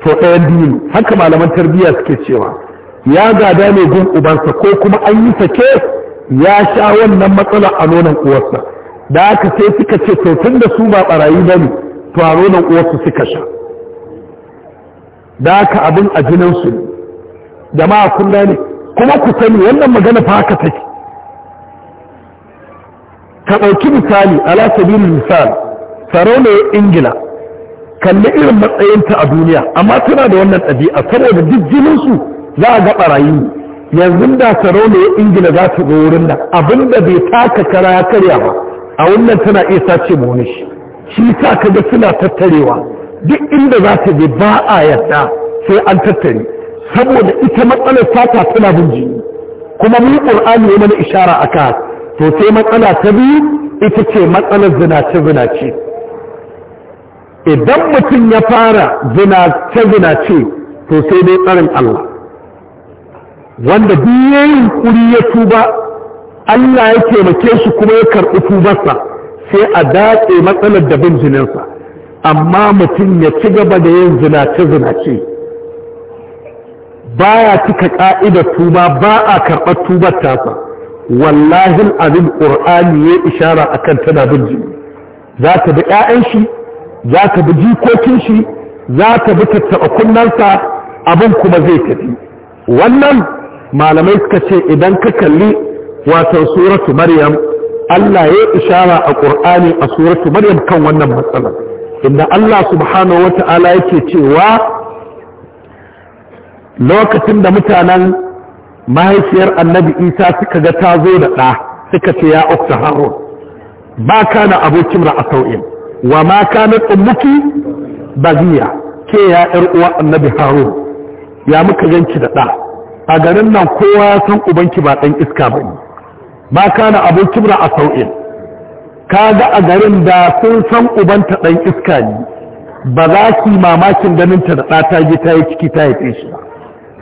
to ɗayan biyu haka malaman tarbiyya suke cewa ya gada ne gun ubansa ko kuma an yi sake ya sha wannan matsala a nonon uwarsa da aka sai suka ce to tun da su ba barayi ba ne to a nonon uwarsu suka sha da ka abin a jininsu jama'a kun ne. kuma ku sani wannan magana fa haka take ka ɗauki misali ala sabilin misal sarauniyar ingila kalli irin matsayinta a duniya amma tana da wannan ɗabi'a saboda duk jininsu za a ga ɓarayi yanzu da sarauniyar ingila za ta zo wurin nan abinda bai taka kara ya karya ba a wannan tana iya sace mu wani shi shi sa ka ga suna tattarewa duk inda za ta je ba a yadda sai an tattare saboda ita matsalar fata tana bin jini kuma mu qur'ani ya mana ishara aka to sai matsala ta biyu ita ce matsalar zinace zinace idan mutum ya fara zinace zinace to sai dai tsarin Allah wanda duk yayin kuri ya tuba Allah ya taimake shi kuma ya karɓi tubarsa sai a datse matsalar da bin jininsa amma mutum ya ci gaba da yin zinace-zinace ba ya cika ƙa'idar tuba ba a karɓar tubar tasa wallahin abin ƙur'ani ya ishara a kan tana bin za ta bi ‘ya'yan shi za ta bi jikokin shi za ta bi tattaɓa kunnansa abin kuma zai tafi wannan malamai suka ce idan ka kalli wasan suratu maryam Allah ya ishara a ƙur'ani a suratu maryam kan wannan matsalar inda Allah subhanahu wa ta'ala yake cewa lokacin da mutanen mahaifiyar annabi isa suka ga ta zo da ɗa suka ce ya ukta harun ba ka na abokin ra'asau'in wa ma ka na ba ziya ke ya ‘yar uwa annabi harun ya muka yanki da ɗa a garin nan kowa ya san ubanki ba ɗan iska ba ne ba ka na abokin ra'asau'in kaga a garin da kun san ubanta ɗan iska ne ba za ki mamakin ganinta da ɗata ji ta yi ciki ta haife shi ba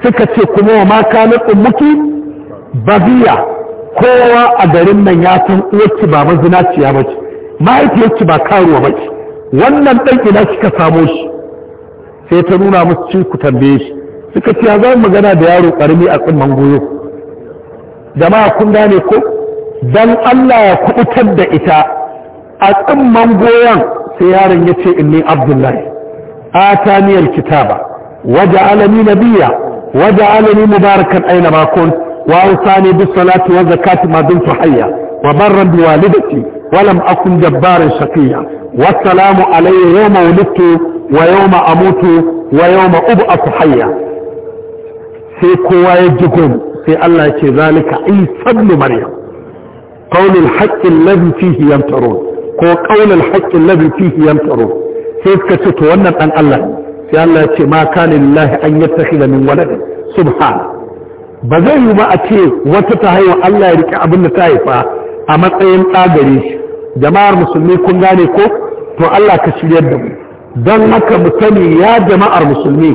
suka ce kuma wa maka na tsummuki babiya kowa a garin nan ya san uwarki ba mazinaciya ba ce Mahaifiyarci ba karuwa ba ce wannan ɗan ina kika samo shi sai ta nuna musu ci ku tambaye shi suka ce ya za magana da yaro ƙarami a tsimman goyo jama'a kun gane ko Dan Allah ya kubutar da ita a tsimman goyon sai yaron ya ce inni abdullahi a taniyar kitaba waje alami nabiya waje alami mubarakan aina makon wa usani bi salatu wa zakati ma bintu hayya wa barra bi walidati wa lam akun jabbarin shaqiya wa salamu alayya yawma wulidtu wa yawma amutu wa yawma ub'atu hayya sai kowa ya jigo sai Allah ya ce zalika isa ibn maryam qaulul haqqi alladhi fihi yamtarun ko qaulul haqqi alladhi fihi yamtarun sai suka ce to wannan dan Allah sai ya ce ma kana lillahi an yattakhidha min walad subhan ba zai yi ba a ce wata ta haihu Allah ya rike abin da ta haifa a matsayin tsagare shi jama'ar musulmi kun gane ko to Allah ka shiryar da mu don haka mu sani ya jama'ar musulmi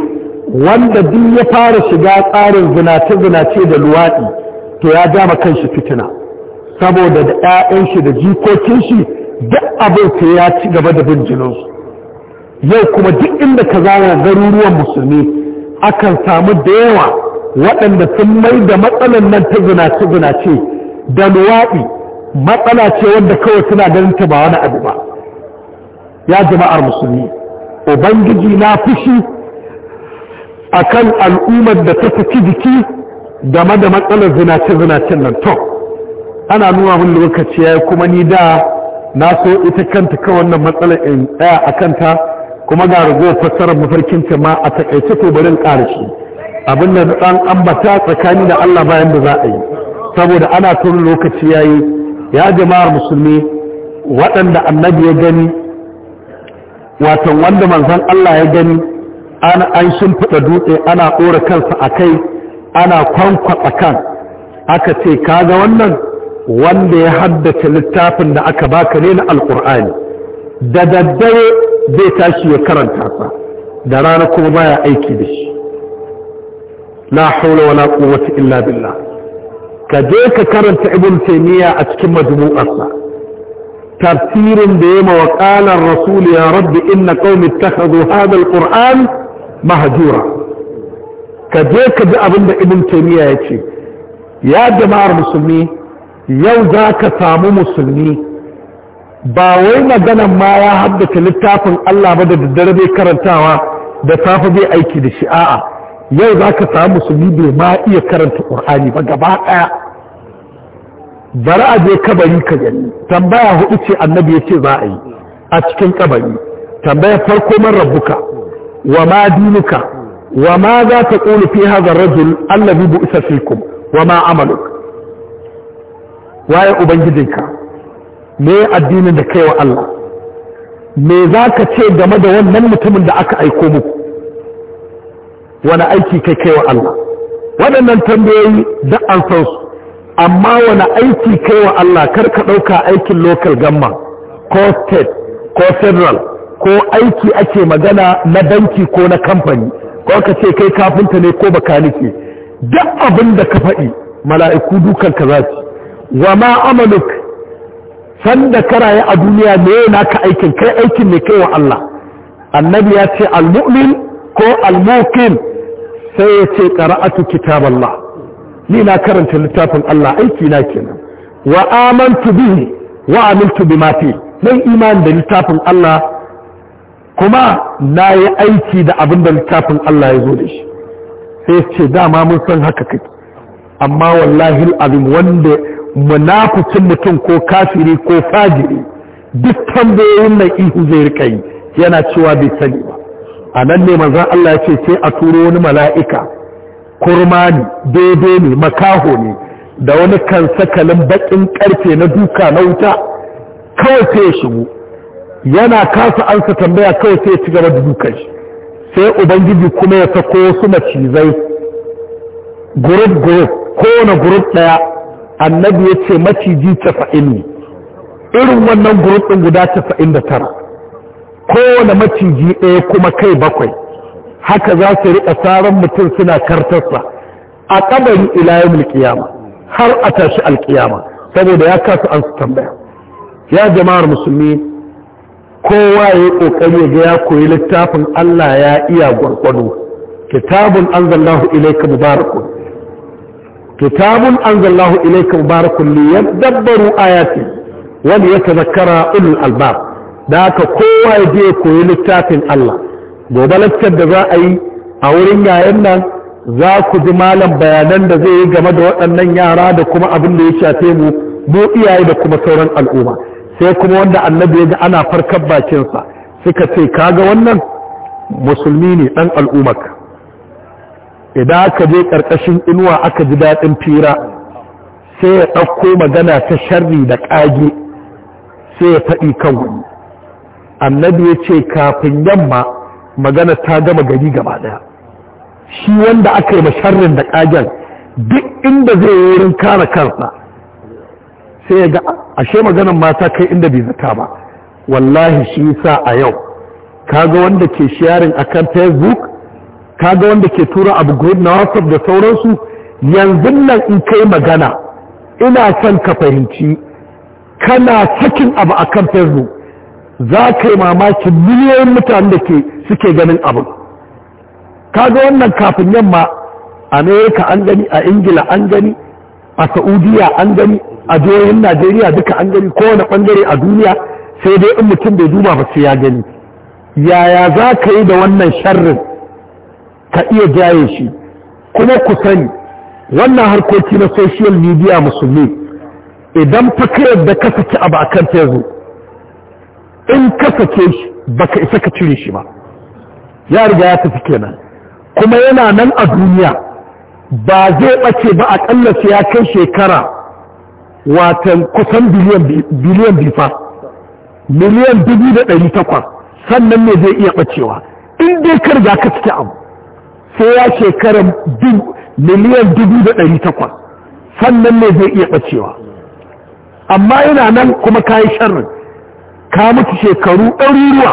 wanda duk ya fara shiga tsarin zinace-zinace da luwaɗi to ya kan shi fitina saboda da ɗayan shi da jikokin shi duk abin ya ci gaba da bin jininsu yau kuma duk inda ka zara garuruwan musulmi akan samu da yawa waɗanda sun mai da matsalar nan ta zinace zinace da luwaɗi matsala ce wanda kawai suna ganin ta ba wani abu ba ya jama'ar musulmi ubangiji na fushi akan al'ummar da ta saki jiki game da matsalar zinace zinacen nan to ana nuna min lokaci ya kuma ni da na so ita kanta ka wannan matsalar in tsaya a kanta kuma ga rago fassarar mafarkin ta ma a takaice to barin karshe abin da dan ambata tsakani da Allah bayan da za a yi saboda ana tun lokaci yayi yi ya jama'ar musulmi waɗanda annabi ya gani watan wanda manzon Allah ya gani an an shimfiɗa dutse ana ɗora kansa a kai ana kwankwa kan aka ce kaga wannan wanda ya haddace littafin da aka baka ne na alkur'ani da daddare zai tashi ya karanta sa da rana kuma baya aiki da shi la haula wala quwwata illa billah ka je ka karanta ibn taymiya a cikin majmu'arsa tafsirin da yayi wa qala ar-rasul ya rabbi inna qaumi ittakhadhu hadha al-qur'an mahjura ka je ka ji abin da ibn taymiya yace ya jama'ar musulmi yau za ka samu musulmi ba wai maganan ma ya haddace littafin Allah ba da daddare bai karantawa da safe bai aiki da shi a'a yau za ka samu musulmi bai ma iya karanta ƙur'ani ba gaba ɗaya bari a je kabari ka gani tambaya hudu ce annabi ya ce za a yi a cikin kabari tambaya farko man rabbuka wa ma dinuka wa ma za ta ƙulu fi hadha rajul allazi bu'isa kuma wa ma amaluk waye ubangijinka me addinin da kai wa Allah me za ka ce game da wannan mutumin da aka aiko muku wani aiki kai kai wa Allah waɗannan tambayoyi da an san su amma wani aiki kai wa Allah kar ka ɗauka aikin local gamma ko state ko federal ko aiki ake magana na banki ko na kamfani ko ka ce kai kafinta ne ko bakanike duk abin da ka faɗi mala'iku dukan ka za wa ma amaluk sanda karaye a duniya ne naka aikin kai aikin ne kai wa Allah annabi ya ce almu'min ko almuqin sai ya ce qara'atu kitaballah ni na karanta littafin Allah aiki na kenan wa amantu bihi wa amiltu bima fi dan imani da littafin Allah kuma na yi aiki da abin da littafin Allah ya zo da shi sai ce dama mun san haka kake amma wallahi al’azim wanda munafucin mutum ko kafiri ko fajiri duk tambayoyin na ihu zai rika yi yana cewa bai sani ba a nan ne manzan Allah ya ce sai a turo wani mala'ika kurma ne daidai ne makaho ne da wani kan sakalin baƙin karfe na duka na wuta kawai sai ya shigo yana kasa ansa tambaya kawai sai ya ci gaba da dukan shi sai ubangiji kuma ya sako wasu macizai group group kowane group daya annabi ya ce maciji casa'in ne irin wannan group din guda casa'in da tara kowane maciji ɗaya kuma kai bakwai haka za su riƙa tsaron mutum suna kartarsa a ƙabari ilayen mulkiyama har a tashi alkiyama saboda ya kasu an su tambaya ya jama'ar musulmi kowa ya yi ƙoƙari ga ya koyi littafin allah ya iya gwargwado kitabun an zallahu ilaika mubarakun kitabun anzalallahu ilayka mubarakun li yadabbaru ayati ya yatadhakkara ulul albab da haka kowa ya je koyi littafin Allah gobe lakcar da za a yi a wurin yayan nan za ku ji malam bayanan da zai yi game da waɗannan yara da kuma abin da ya shafe mu mu iyaye da kuma sauran al'umma sai kuma wanda annabi ya ga ana farkar bakinsa suka ce kaga wannan musulmi ne ɗan al'ummarka idan aka je ƙarƙashin inuwa aka ji daɗin fira sai ya ɗauko magana ta sharri da ƙage sai ya faɗi kan wani annabi ya ce kafin yamma magana ta gama gari gaba ɗaya shi wanda aka yi masharrin da ƙagen duk inda zai yi wurin kare kansa sai ya ga ashe maganan mata kai inda bai zata ba wallahi shi sa a yau kaga wanda ke sharing akan facebook kaga wanda ke tura abu group na whatsapp da sauransu yanzu nan in kai magana ina son ka fahimci kana sakin abu a kan facebook za ka yi mamakin miliyoyin mutane da suke ganin abu kaga wannan kafin yamma amerika an gani a ingila an gani a saudiya an gani a jihohin najeriya duka an gani kowane bangare a duniya sai dai in mutum bai duba ba sai ya gani yaya za ka yi da wannan sharrin ka iya jaye shi kuma ku sani wannan harkoki na social media musulmi idan ta ka yadda ka saki abu kan facebook in ka sake shi baka isa ka cire shi ba ya riga ya tafi kenan kuma yana nan a duniya ba zai ɓace ba akalla sai ya kai shekara watan kusan biliyan bifa miliyan dubu da ɗari takwas sannan ne zai iya ɓacewa in dai ka riga ka cike abu sai ya shekara miliyan dubu da ɗari takwas sannan ne zai iya ɓacewa amma yana nan kuma ka yi sharrin ka mutu shekaru ɗaruruwa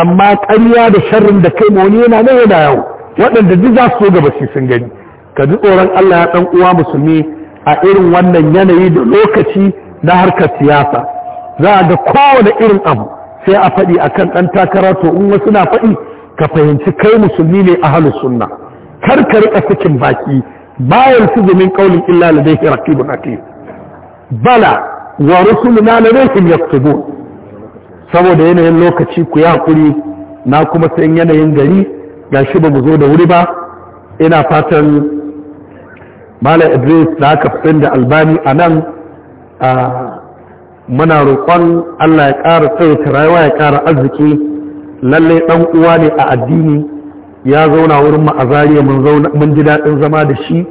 amma ƙarya da sharrin da kai ma wani yana nan yana yawo waɗanda duk za su gaba gaba sun gani ka ji tsoron Allah ya ɗan uwa musulmi a irin wannan yanayi da lokaci na harkar siyasa za a ga kowane irin abu sai a faɗi akan ɗan takara to in wasu na faɗi ka fahimci kai musulmi ne a sunna kar ka rika cikin baki bayan su zumin ƙaunin illa ladayhi raqibun atid bala wa rusuluna ladayhim yaktubun saboda yanayin lokaci ku ya hakuri na kuma san yanayin gari gashi ba mu zo da wuri ba ina fatan malam idris da aka fi da albani a nan muna roƙon allah ya ƙara tsaye rayuwa ya ƙara arziki lalle dan uwa ne a addini ya zauna wurin mu a zariya mun ji daɗin zama da shi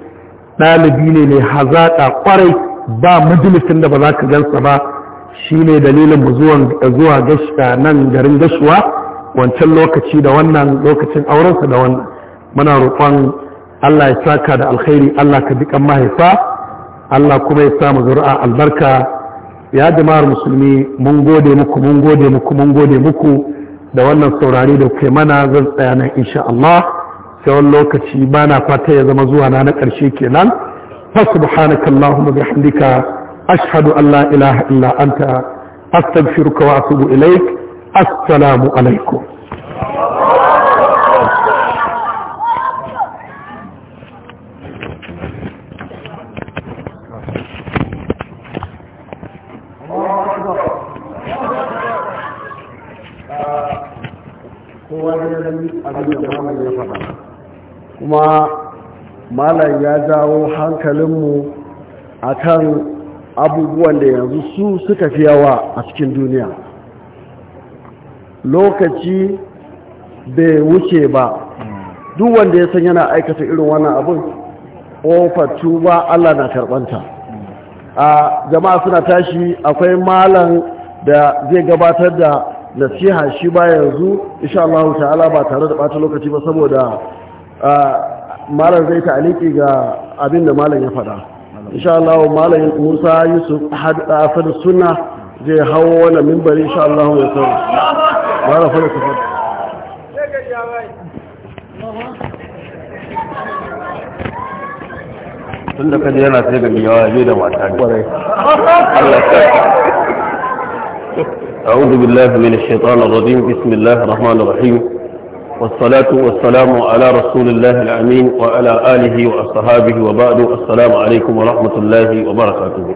ɗalibi ne mai hazaƙa kwarai ba majalisin da ba za ka gansa ba shi ne dalilin mu zuwa gashka nan garin gashuwa wancan lokaci da wannan lokacin aurensa da wannan muna roƙon Allah ya saka da alkhairi Allah ka biƙan mahaifa Allah kuma ya samu zuri'a albarka ya jama'ar musulmi mun gode muku mun gode muku mun gode muku da wannan saurari da kai mana zan tsaya nan insha Allah sai wani lokaci ba na fata ya zama zuwa na na ƙarshe kenan fa subhanaka allahumma bihamdika ashhadu an la ilaha illa anta astaghfiruka wa atubu ilaik assalamu alaikum kowa ya abin ya faɗa kuma malam ya jawo hankalinmu a kan abubuwan da yanzu su suka fi yawa a cikin duniya lokaci bai wuce ba duk wanda ya san yana aikata irin wannan abin ofatu ba allah na karɓanta a jama'a suna tashi akwai malam da zai gabatar da nasiha shi ba yanzu insha Allah ta'ala ba tare da bata lokaci ba saboda malam zai ta'aliki ga abin da malam ya faɗa insha Allah malam Musa Yusuf hadafar sunna zai hawo wannan minbari insha Allah ya tsara malam fa ta faɗa tun da kaji yana sai da miyawa da mata ne Allah ya أعوذ بالله من الشيطان الرجيم بسم الله الرحمن الرحيم والصلاة والسلام على رسول الله الأمين وعلى آله وأصحابه وبعد السلام عليكم ورحمة الله وبركاته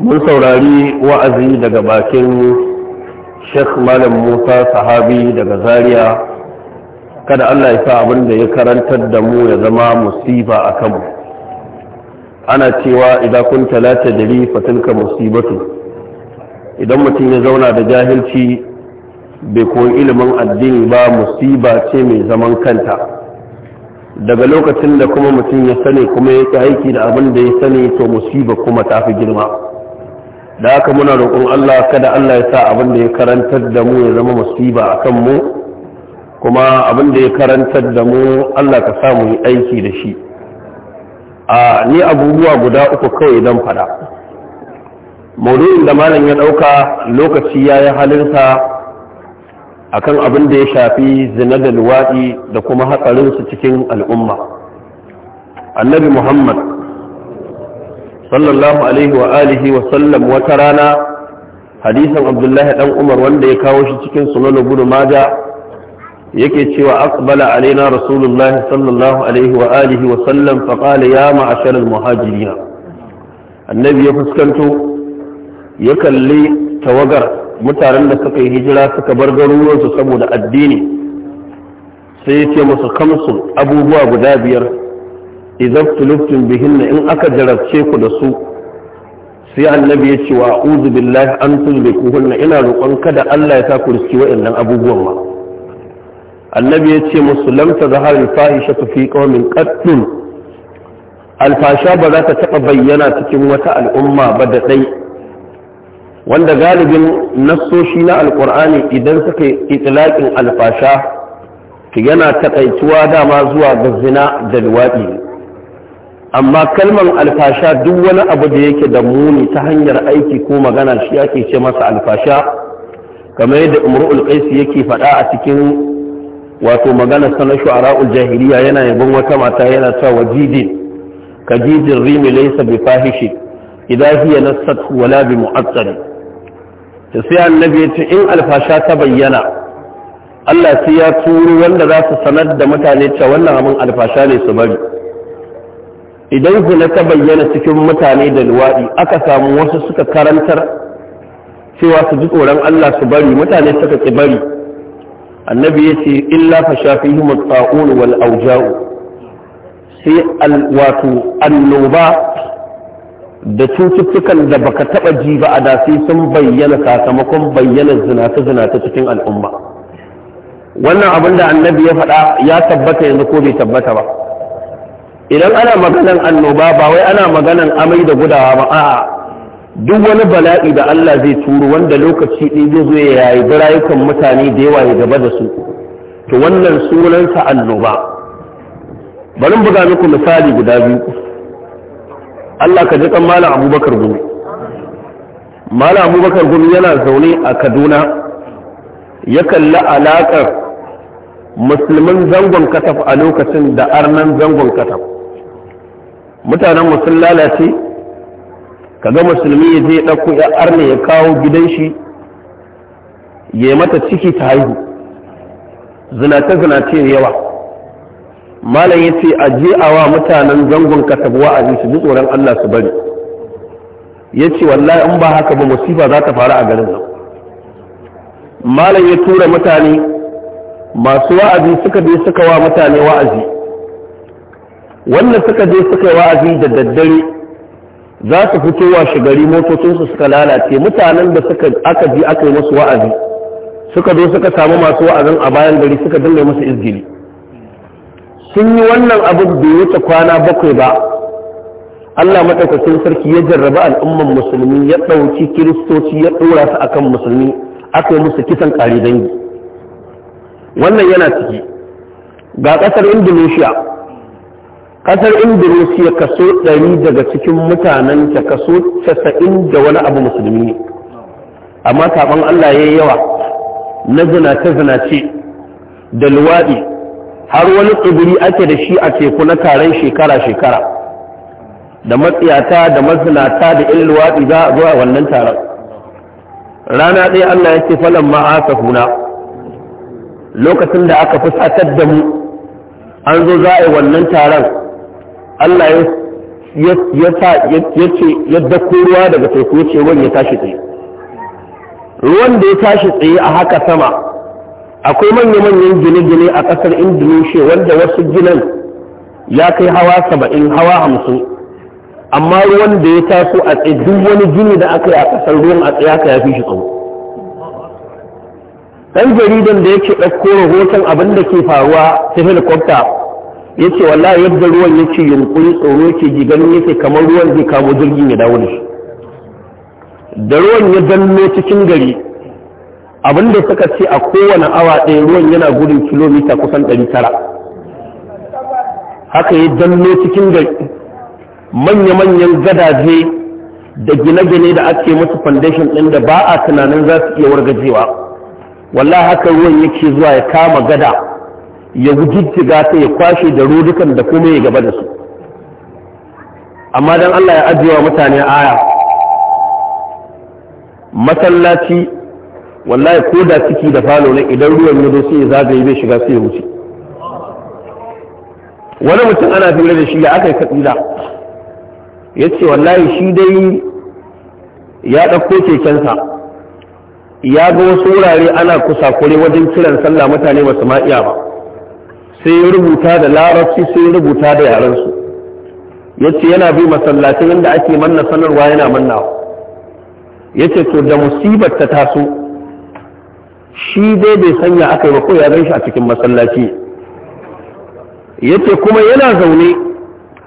من سوراري وعزي دقباكين شيخ مالم موسى صحابي دقزاريا kada Allah ya sa abin da ya karantar da mu ya zama musiba a kanmu ana cewa idan kun talata dari fatilka musibatu idan mutum ya zauna da jahilci bai koyi ilimin addini ba musiba ce mai zaman kanta daga lokacin da kuma mutum ya sani kuma ya aiki da abin da ya sani to musiba kuma ta fi girma da haka muna roƙon Allah kada Allah ya sa abin da ya karantar da mu ya zama musiba a kan mu kuma abin da ya karantar da mu Allah ka sa mu yi aiki da shi a ni abubuwa guda uku kawai don fada maudu'in da malam ya ɗauka lokaci ya yi halinsa a kan abin da ya shafi zina da luwaɗi da kuma hatsarinsu cikin al'umma annabi muhammad sallallahu alaihi wa alihi wa sallam wata rana hadisan abdullahi ɗan umar wanda ya kawo shi cikin sunan gudu maja yake cewa aqbala alaina rasulullahi sallallahu alaihi wa alihi wa sallam faqala ya ma'ashar muhajirina annabi ya fuskanto ya kalli tawagar mutanen da suka yi hijira suka bar garuruwansu saboda addini sai ya ce musu kamsu abubuwa guda biyar idan tulubtun bihinna in aka jarabce ku da su sai annabi ya ce wa a'udhu billahi an tuzlikuhunna ina roƙon kada Allah ya sa ku riski wa'annan abubuwan ma annabi ya ce musu lam tazhar al-fahisha fi qaumin qattun alfasha ba za ta taɓa bayyana cikin wata al'umma ba da ɗai wanda galibin nassoshi na alkur'ani idan suka yi itilaƙin alfasha yana takaituwa dama zuwa ga zina da luwaɗi amma kalman alfasha duk wani abu da yake da muni ta hanyar aiki ko magana shi yake ce masa alfasha kamar yadda umrul qais yake faɗa a cikin wato magana sanar shu'ara'ul jahiliya yana yabon wata mata yana ta wajidin jijin rimi laysa bi fahishi idza hiya nasat wala bi mu'assar to sai annabi ya ce in alfasha ta bayyana Allah sai ya turo wanda za su sanar da mutane cewa wannan abin alfasha ne su bari idan zina ta bayyana cikin mutane da luwaɗi aka samu wasu suka karantar cewa su ji tsoron Allah su bari mutane suka ki bari annabi ya ce illa fa shafihi mutsa'un wal auja'u sai wato annoba da cututtukan da baka taba ji ba a da sai sun bayyana sakamakon bayyana zina zinata cikin al'umma wannan abin da annabi ya faɗa ya tabbata yanzu ko bai tabbata ba idan ana maganan annoba ba wai ana maganan amai da gudawa ba a'a duk wani bala'i da Allah zai turo wanda lokaci ɗin zai zo ya yayi rayukan mutane da yawa ya gaba da su to wannan sunansa annoba bari buga muku misali guda biyu Allah ka ji kan malam abubakar gumi malam abubakar gumi yana zaune a kaduna ya kalli alaƙar musulmin zangon kataf a lokacin da arnan zangon kataf mutanen musul lalace kaga musulmi ya je ɗauko ya arna ya kawo gidan shi ya mata ciki ta haihu zinace-zinace yawa malam yace a je a wa mutanen zangon katab wa'azi su ji tsoron Allah su bari yace wallahi in ba haka ba musiba za ta faru a garin nan malam ya tura mutane masu wa'azi suka je suka wa mutane wa'azi wannan suka je suka wa'azi da daddare za su fito wa shigari motocinsu suka lalace mutanen da suka aka ji aka yi musu wa'azi suka zo suka samu masu wa'azin a bayan gari suka dinga musu izgili sun yi wannan abin bai wuce kwana bakwai ba Allah maɗaukacin sarki ya jarraba al'umman musulmi ya ɗauki kiristoci ya ɗora su a kan musulmi aka yi musu kisan ƙari dangi wannan yana ciki ga ƙasar indonesia ƙasar indonesia kaso ɗari daga cikin mutanen ta kaso casa'in da wani abu musulmi ne amma taɓon Allah ya yi yawa na zinace-zinace da luwaɗi har wani tsibiri ake da shi a teku na taron shekara-shekara da matsiyata da mazinata da yan luwaɗi za a zuwa wannan taron rana ɗaya allah ya ce falon ma'asa kuna lokacin da aka fusatar da mu an zo za a yi wannan taron allah ya ce ya dako ruwa daga teku ya ce wani ya tashi tsaye ruwan da ya tashi tsaye a haka sama akwai manya-manyan gine-gine a ƙasar indonesia wanda wasu ginin ya kai hawa saba'in hawa hamsin amma ruwan da ya taso a duk wani gini da aka yi a ƙasar ruwan a tsayaka ya fi shi tsawo ɗan jaridan da yake ɗauko rahoton abin da ke faruwa ta helikofta ya ce wala yadda ruwan ya ce yunkuri tsoro ke ji ganin yake kamar ruwan zai kamo jirgin ya dawo da shi da ruwan ya danno cikin gari abin da suka ce a kowane awa ɗaya ruwan yana gudun kilomita kusan ɗari tara haka ya danno cikin da manya-manyan gadaje da gine-gine da ake musu foundation ɗin da ba a tunanin za su iya wargajewa walla haka ruwan yake zuwa ya kama gada ya gujijjiga gata ya kwashe da rudukan da kuma ya gaba da su amma don Allah ya ajiyewa wa mutane aya masallaci wallahi ko da ciki da falo ne idan ruwan ya zo sai ya zagaye bai shiga sai ya wuce wani mutum ana fira da shi ya aka yi kabila ya ce wallahi shi dai ya ɗauko kekensa ya ga wasu wurare ana kusa kusakure wajen kiran sallah mutane ba su ma iya ba sai ya rubuta da larabci sai ya rubuta da yarensu ya ce yana bi masallacin inda ake manna sanarwa yana mannawa ya ce to da musibar ta taso shi dai bai sanya aka yi ko ya gan shi a cikin masallaci yace kuma yana zaune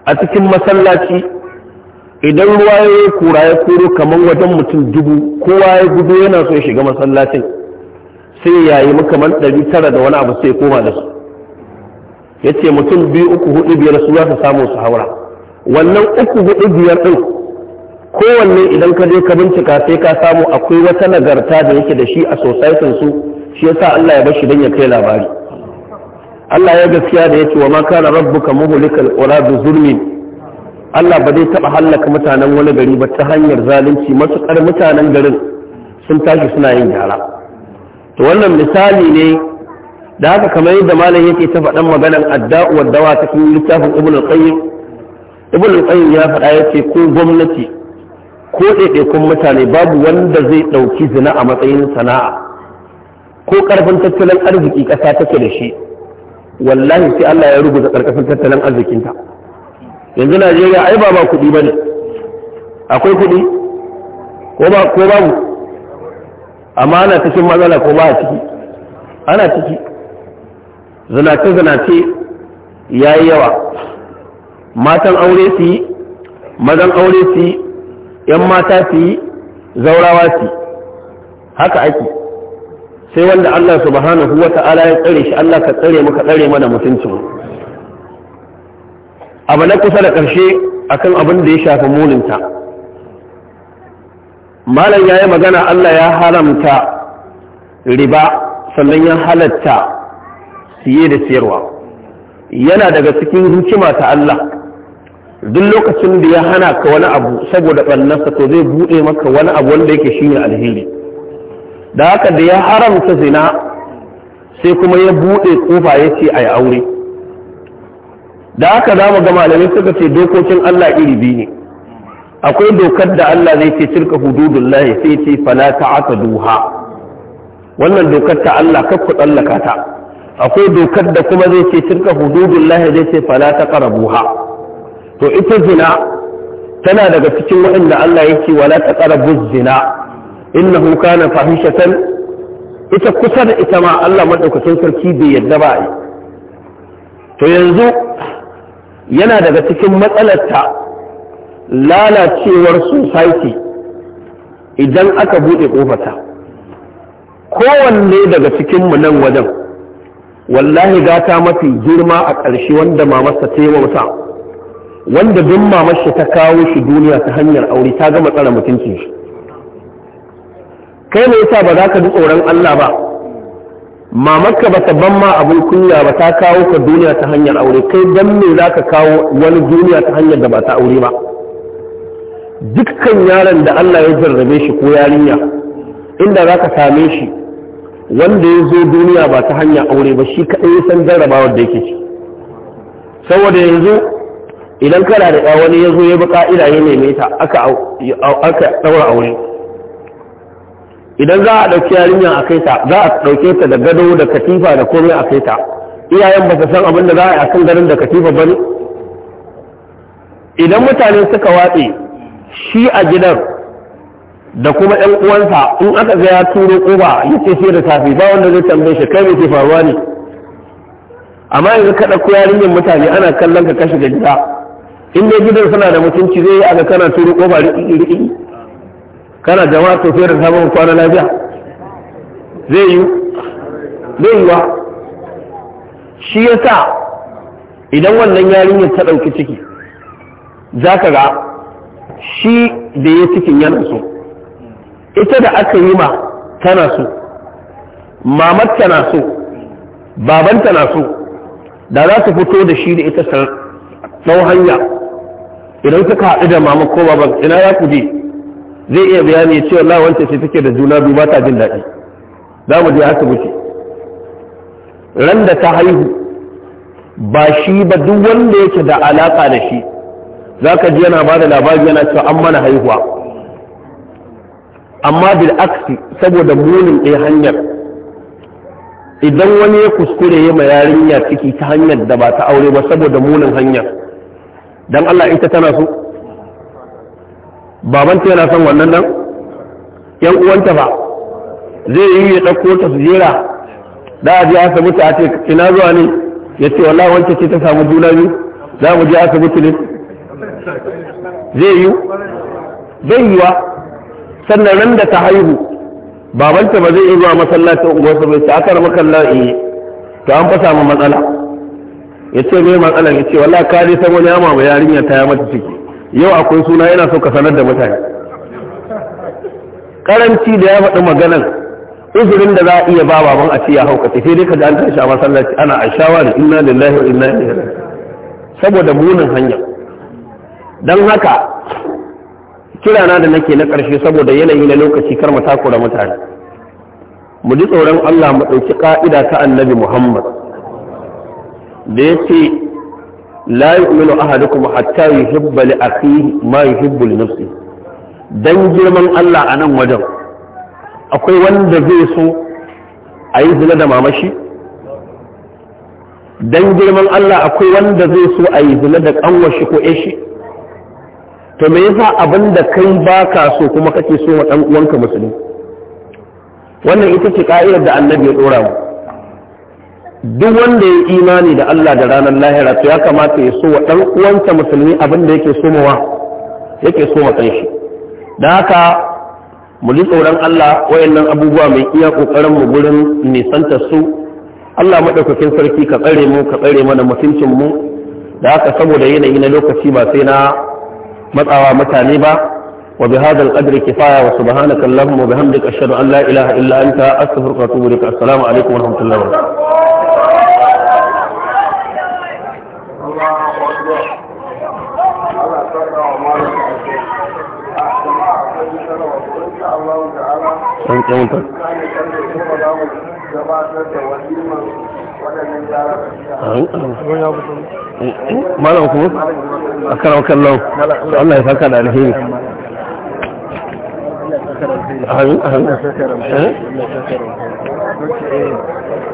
a cikin masallaci idan ruwa ya yi kura ya kuro kamar wajen mutum dubu kowa ya gudu yana so ya shiga masallacin sai ya yi kamar ɗari tara da wani abu sai koma da su yace mutum biyu uku hudu biyar su za su samu su haura wannan uku hudu biyar ɗin kowanne idan ka je ka bincika sai ka samu akwai wata nagarta da yake da shi a societin su shi yasa Allah ya bar shi dan ya kai labari Allah ya gaskiya da yake wa ma kana rabbuka muhlikal qura bi zulmin Allah ba zai taba hallaka mutanen wani gari ba ta hanyar zalunci matukar mutanen garin sun tashi suna yin gyara to wannan misali ne da haka kamar yadda malam yake ta faɗan maganar adda wa dawa cikin littafin ibnu qayyim ibnu qayyim ya faɗa yace ko gwamnati ko ɗaiɗaikun mutane babu wanda zai ɗauki zina a matsayin sana'a ko ƙarfin tattalin arziki ƙasa take da shi wallahi sai Allah ya rubuta ƙarƙashin tattalin arzikinta yanzu Najeriya ai ba ba kuɗi ba ne akwai kuɗi ko ba ko babu amma ana cikin matsala ko ba a ciki ana ciki zinace zinace ya yi yawa matan aure su yi mazan aure su yi yan mata su yi zaurawa su haka ake sai wanda Allah subhanahu wa ta'ala ya tsare shi Allah ka tsare maka tsare mana mutuncin abu na kusa da ƙarshe akan abin da ya shafi muninta malam ya yi magana Allah ya haramta riba sannan ya halatta siye da siyarwa yana daga cikin hikima ta Allah duk lokacin da ya hana ka wani abu saboda ɓannarsa to zai buɗe maka wani abu wanda yake shi ne alheri da haka da ya haramta zina sai kuma ya buɗe kofa ya ce a yi aure da haka za mu ga malamai suka ce dokokin Allah iri biyu ne akwai dokar da Allah zai ce tilka hududun lahi sai ce fala aka duha wannan dokar ta Allah kar tsallaka ta akwai dokar da kuma zai ce tilka hududun lahi zai ce fala ta buha. to ita zina tana daga cikin waɗanda Allah yake wala taqrabu zina huka na fahishatan ita kusa da ita ma Allah maɗaukacin sarki bai yadda ba yi to yanzu yana daga cikin matsalarta lalacewar society idan aka buɗe ƙofata kowanne daga cikinmu nan wajen wallahi gata mafi girma a ƙarshe wanda mamarsa ta yi wanda duk mamashi ta kawo shi duniya ta hanyar aure ta gama tsara mutunci shi kai ne yasa ba za ka ji tsoron Allah ba mamarka ba ta ban ma abin kunya ba ta kawo ka duniya ta hanyar aure kai dan me za ka kawo wani duniya ta hanyar da ba ta aure ba dukkan yaron da Allah ya jarrabe shi ko yarinya inda za ka same shi wanda ya zo duniya ba ta hanyar aure ba shi kaɗai ya san jarrabawar da yake ci saboda yanzu idan kana da ɗa wani ya zo ya bi ƙa'ida ya neme ta aka ɗaura aure idan za a ɗauki yarinya a kai ta za a ɗauke ta da gado da katifa da komai a kai ta iyayen ba su san abin da za a yi a kan garin da katifa ba ne idan mutane suka watse shi a gidan da kuma ɗan uwansa in aka ga ya turo ƙuba ya ce sai da tafi ba wanda zai tambaye shi kai mai ke faruwa ne amma yanzu ka ɗauko yarinyar mutane ana kallon ka kashe gida in dai gidan suna da mutunci zai yi aga kana turu kofa riƙi kana jama'a to sai da sabon kwana lafiya zai yi zai yi wa shi yasa idan wannan yarinyar ta ɗauki ciki za ka ga shi da ya cikin yana so ita da aka yi ma tana so mamar tana so baban tana so da za su fito da shi da ita tsawon hanya idan suka haɗu da mama ko baban ina ya ku je zai iya bayani ya ce wallahi wance ce take da juna biyu ba ta jin daɗi za mu je asibiti ran da ta haihu ba shi ba duk wanda yake da alaƙa da shi za ka ji yana ba da labari yana cewa an mana haihuwa amma bil aksi saboda munin ɗaya hanyar idan wani ya kuskure ya ma yarinya ciki ta hanyar da ba ta aure ba saboda munin hanyar dan Allah ita tana so babanta yana son wannan nan yan uwanta ba zai yi ya ɗauko ta su jera da a je asibiti a ce ina zuwa ne ya ce wallahi wancan ce ta samu juna biyu za mu je asibiti ne zai yi zai yi wa sannan nan da ta haihu babanta ba zai yi zuwa masallacin unguwarsa ba ta aka rama kallon to an fasa mu matsala ya ce mai man ya ce walla ka dai san wani yarinya ta ya mata ciki yau akwai suna yana so ka sanar da mutane karanci da ya faɗi maganar uzurin da za a iya ba baban a ce ya hauka sai dai ka ji an tashi a masallaci ana a shawara inna lillahi wa inna ilaihi raji'un saboda munin hanya dan haka kirana da nake na karshe saboda yanayi na lokaci kar mu takura mutane mu ji tsoron Allah mu ɗauki ka'ida ta annabi Muhammad da ya ce la yu'minu kuma hatta hibbali a fi ma yuhibbu na nafsi dan girman Allah a nan wajen akwai wanda zai so a yi zina da mamashi dan girman Allah akwai wanda zai so a yi zina da kanwashi ko eshi to me yasa abin da kai ka so kuma kake so wa ɗan uwanka musulmi wannan ita ce ka'idar da annabi ya ɗora mu duk wanda ya imani da Allah da ranar lahira to ya kamata ya so wa ɗan uwansa musulmi abin da yake so mawa yake so ma kanshi da haka mu ji tsoron Allah wayannan abubuwa mai iya kokarin mu gurin nisanta su Allah madaukakin sarki ka tsare mu ka tsare mana mutuncin mu da haka saboda yanayi na lokaci ba sai na matsawa mutane ba wa bi hadal qadri kifaya wa subhanaka allahumma wa bihamdika ashhadu an la ilaha illa anta astaghfiruka wa atubu ilaik assalamu alaikum wa rahmatullahi wa barakatuh an kyauta malam ku a karan kallon Allah ya saka da alheri amin amin eh?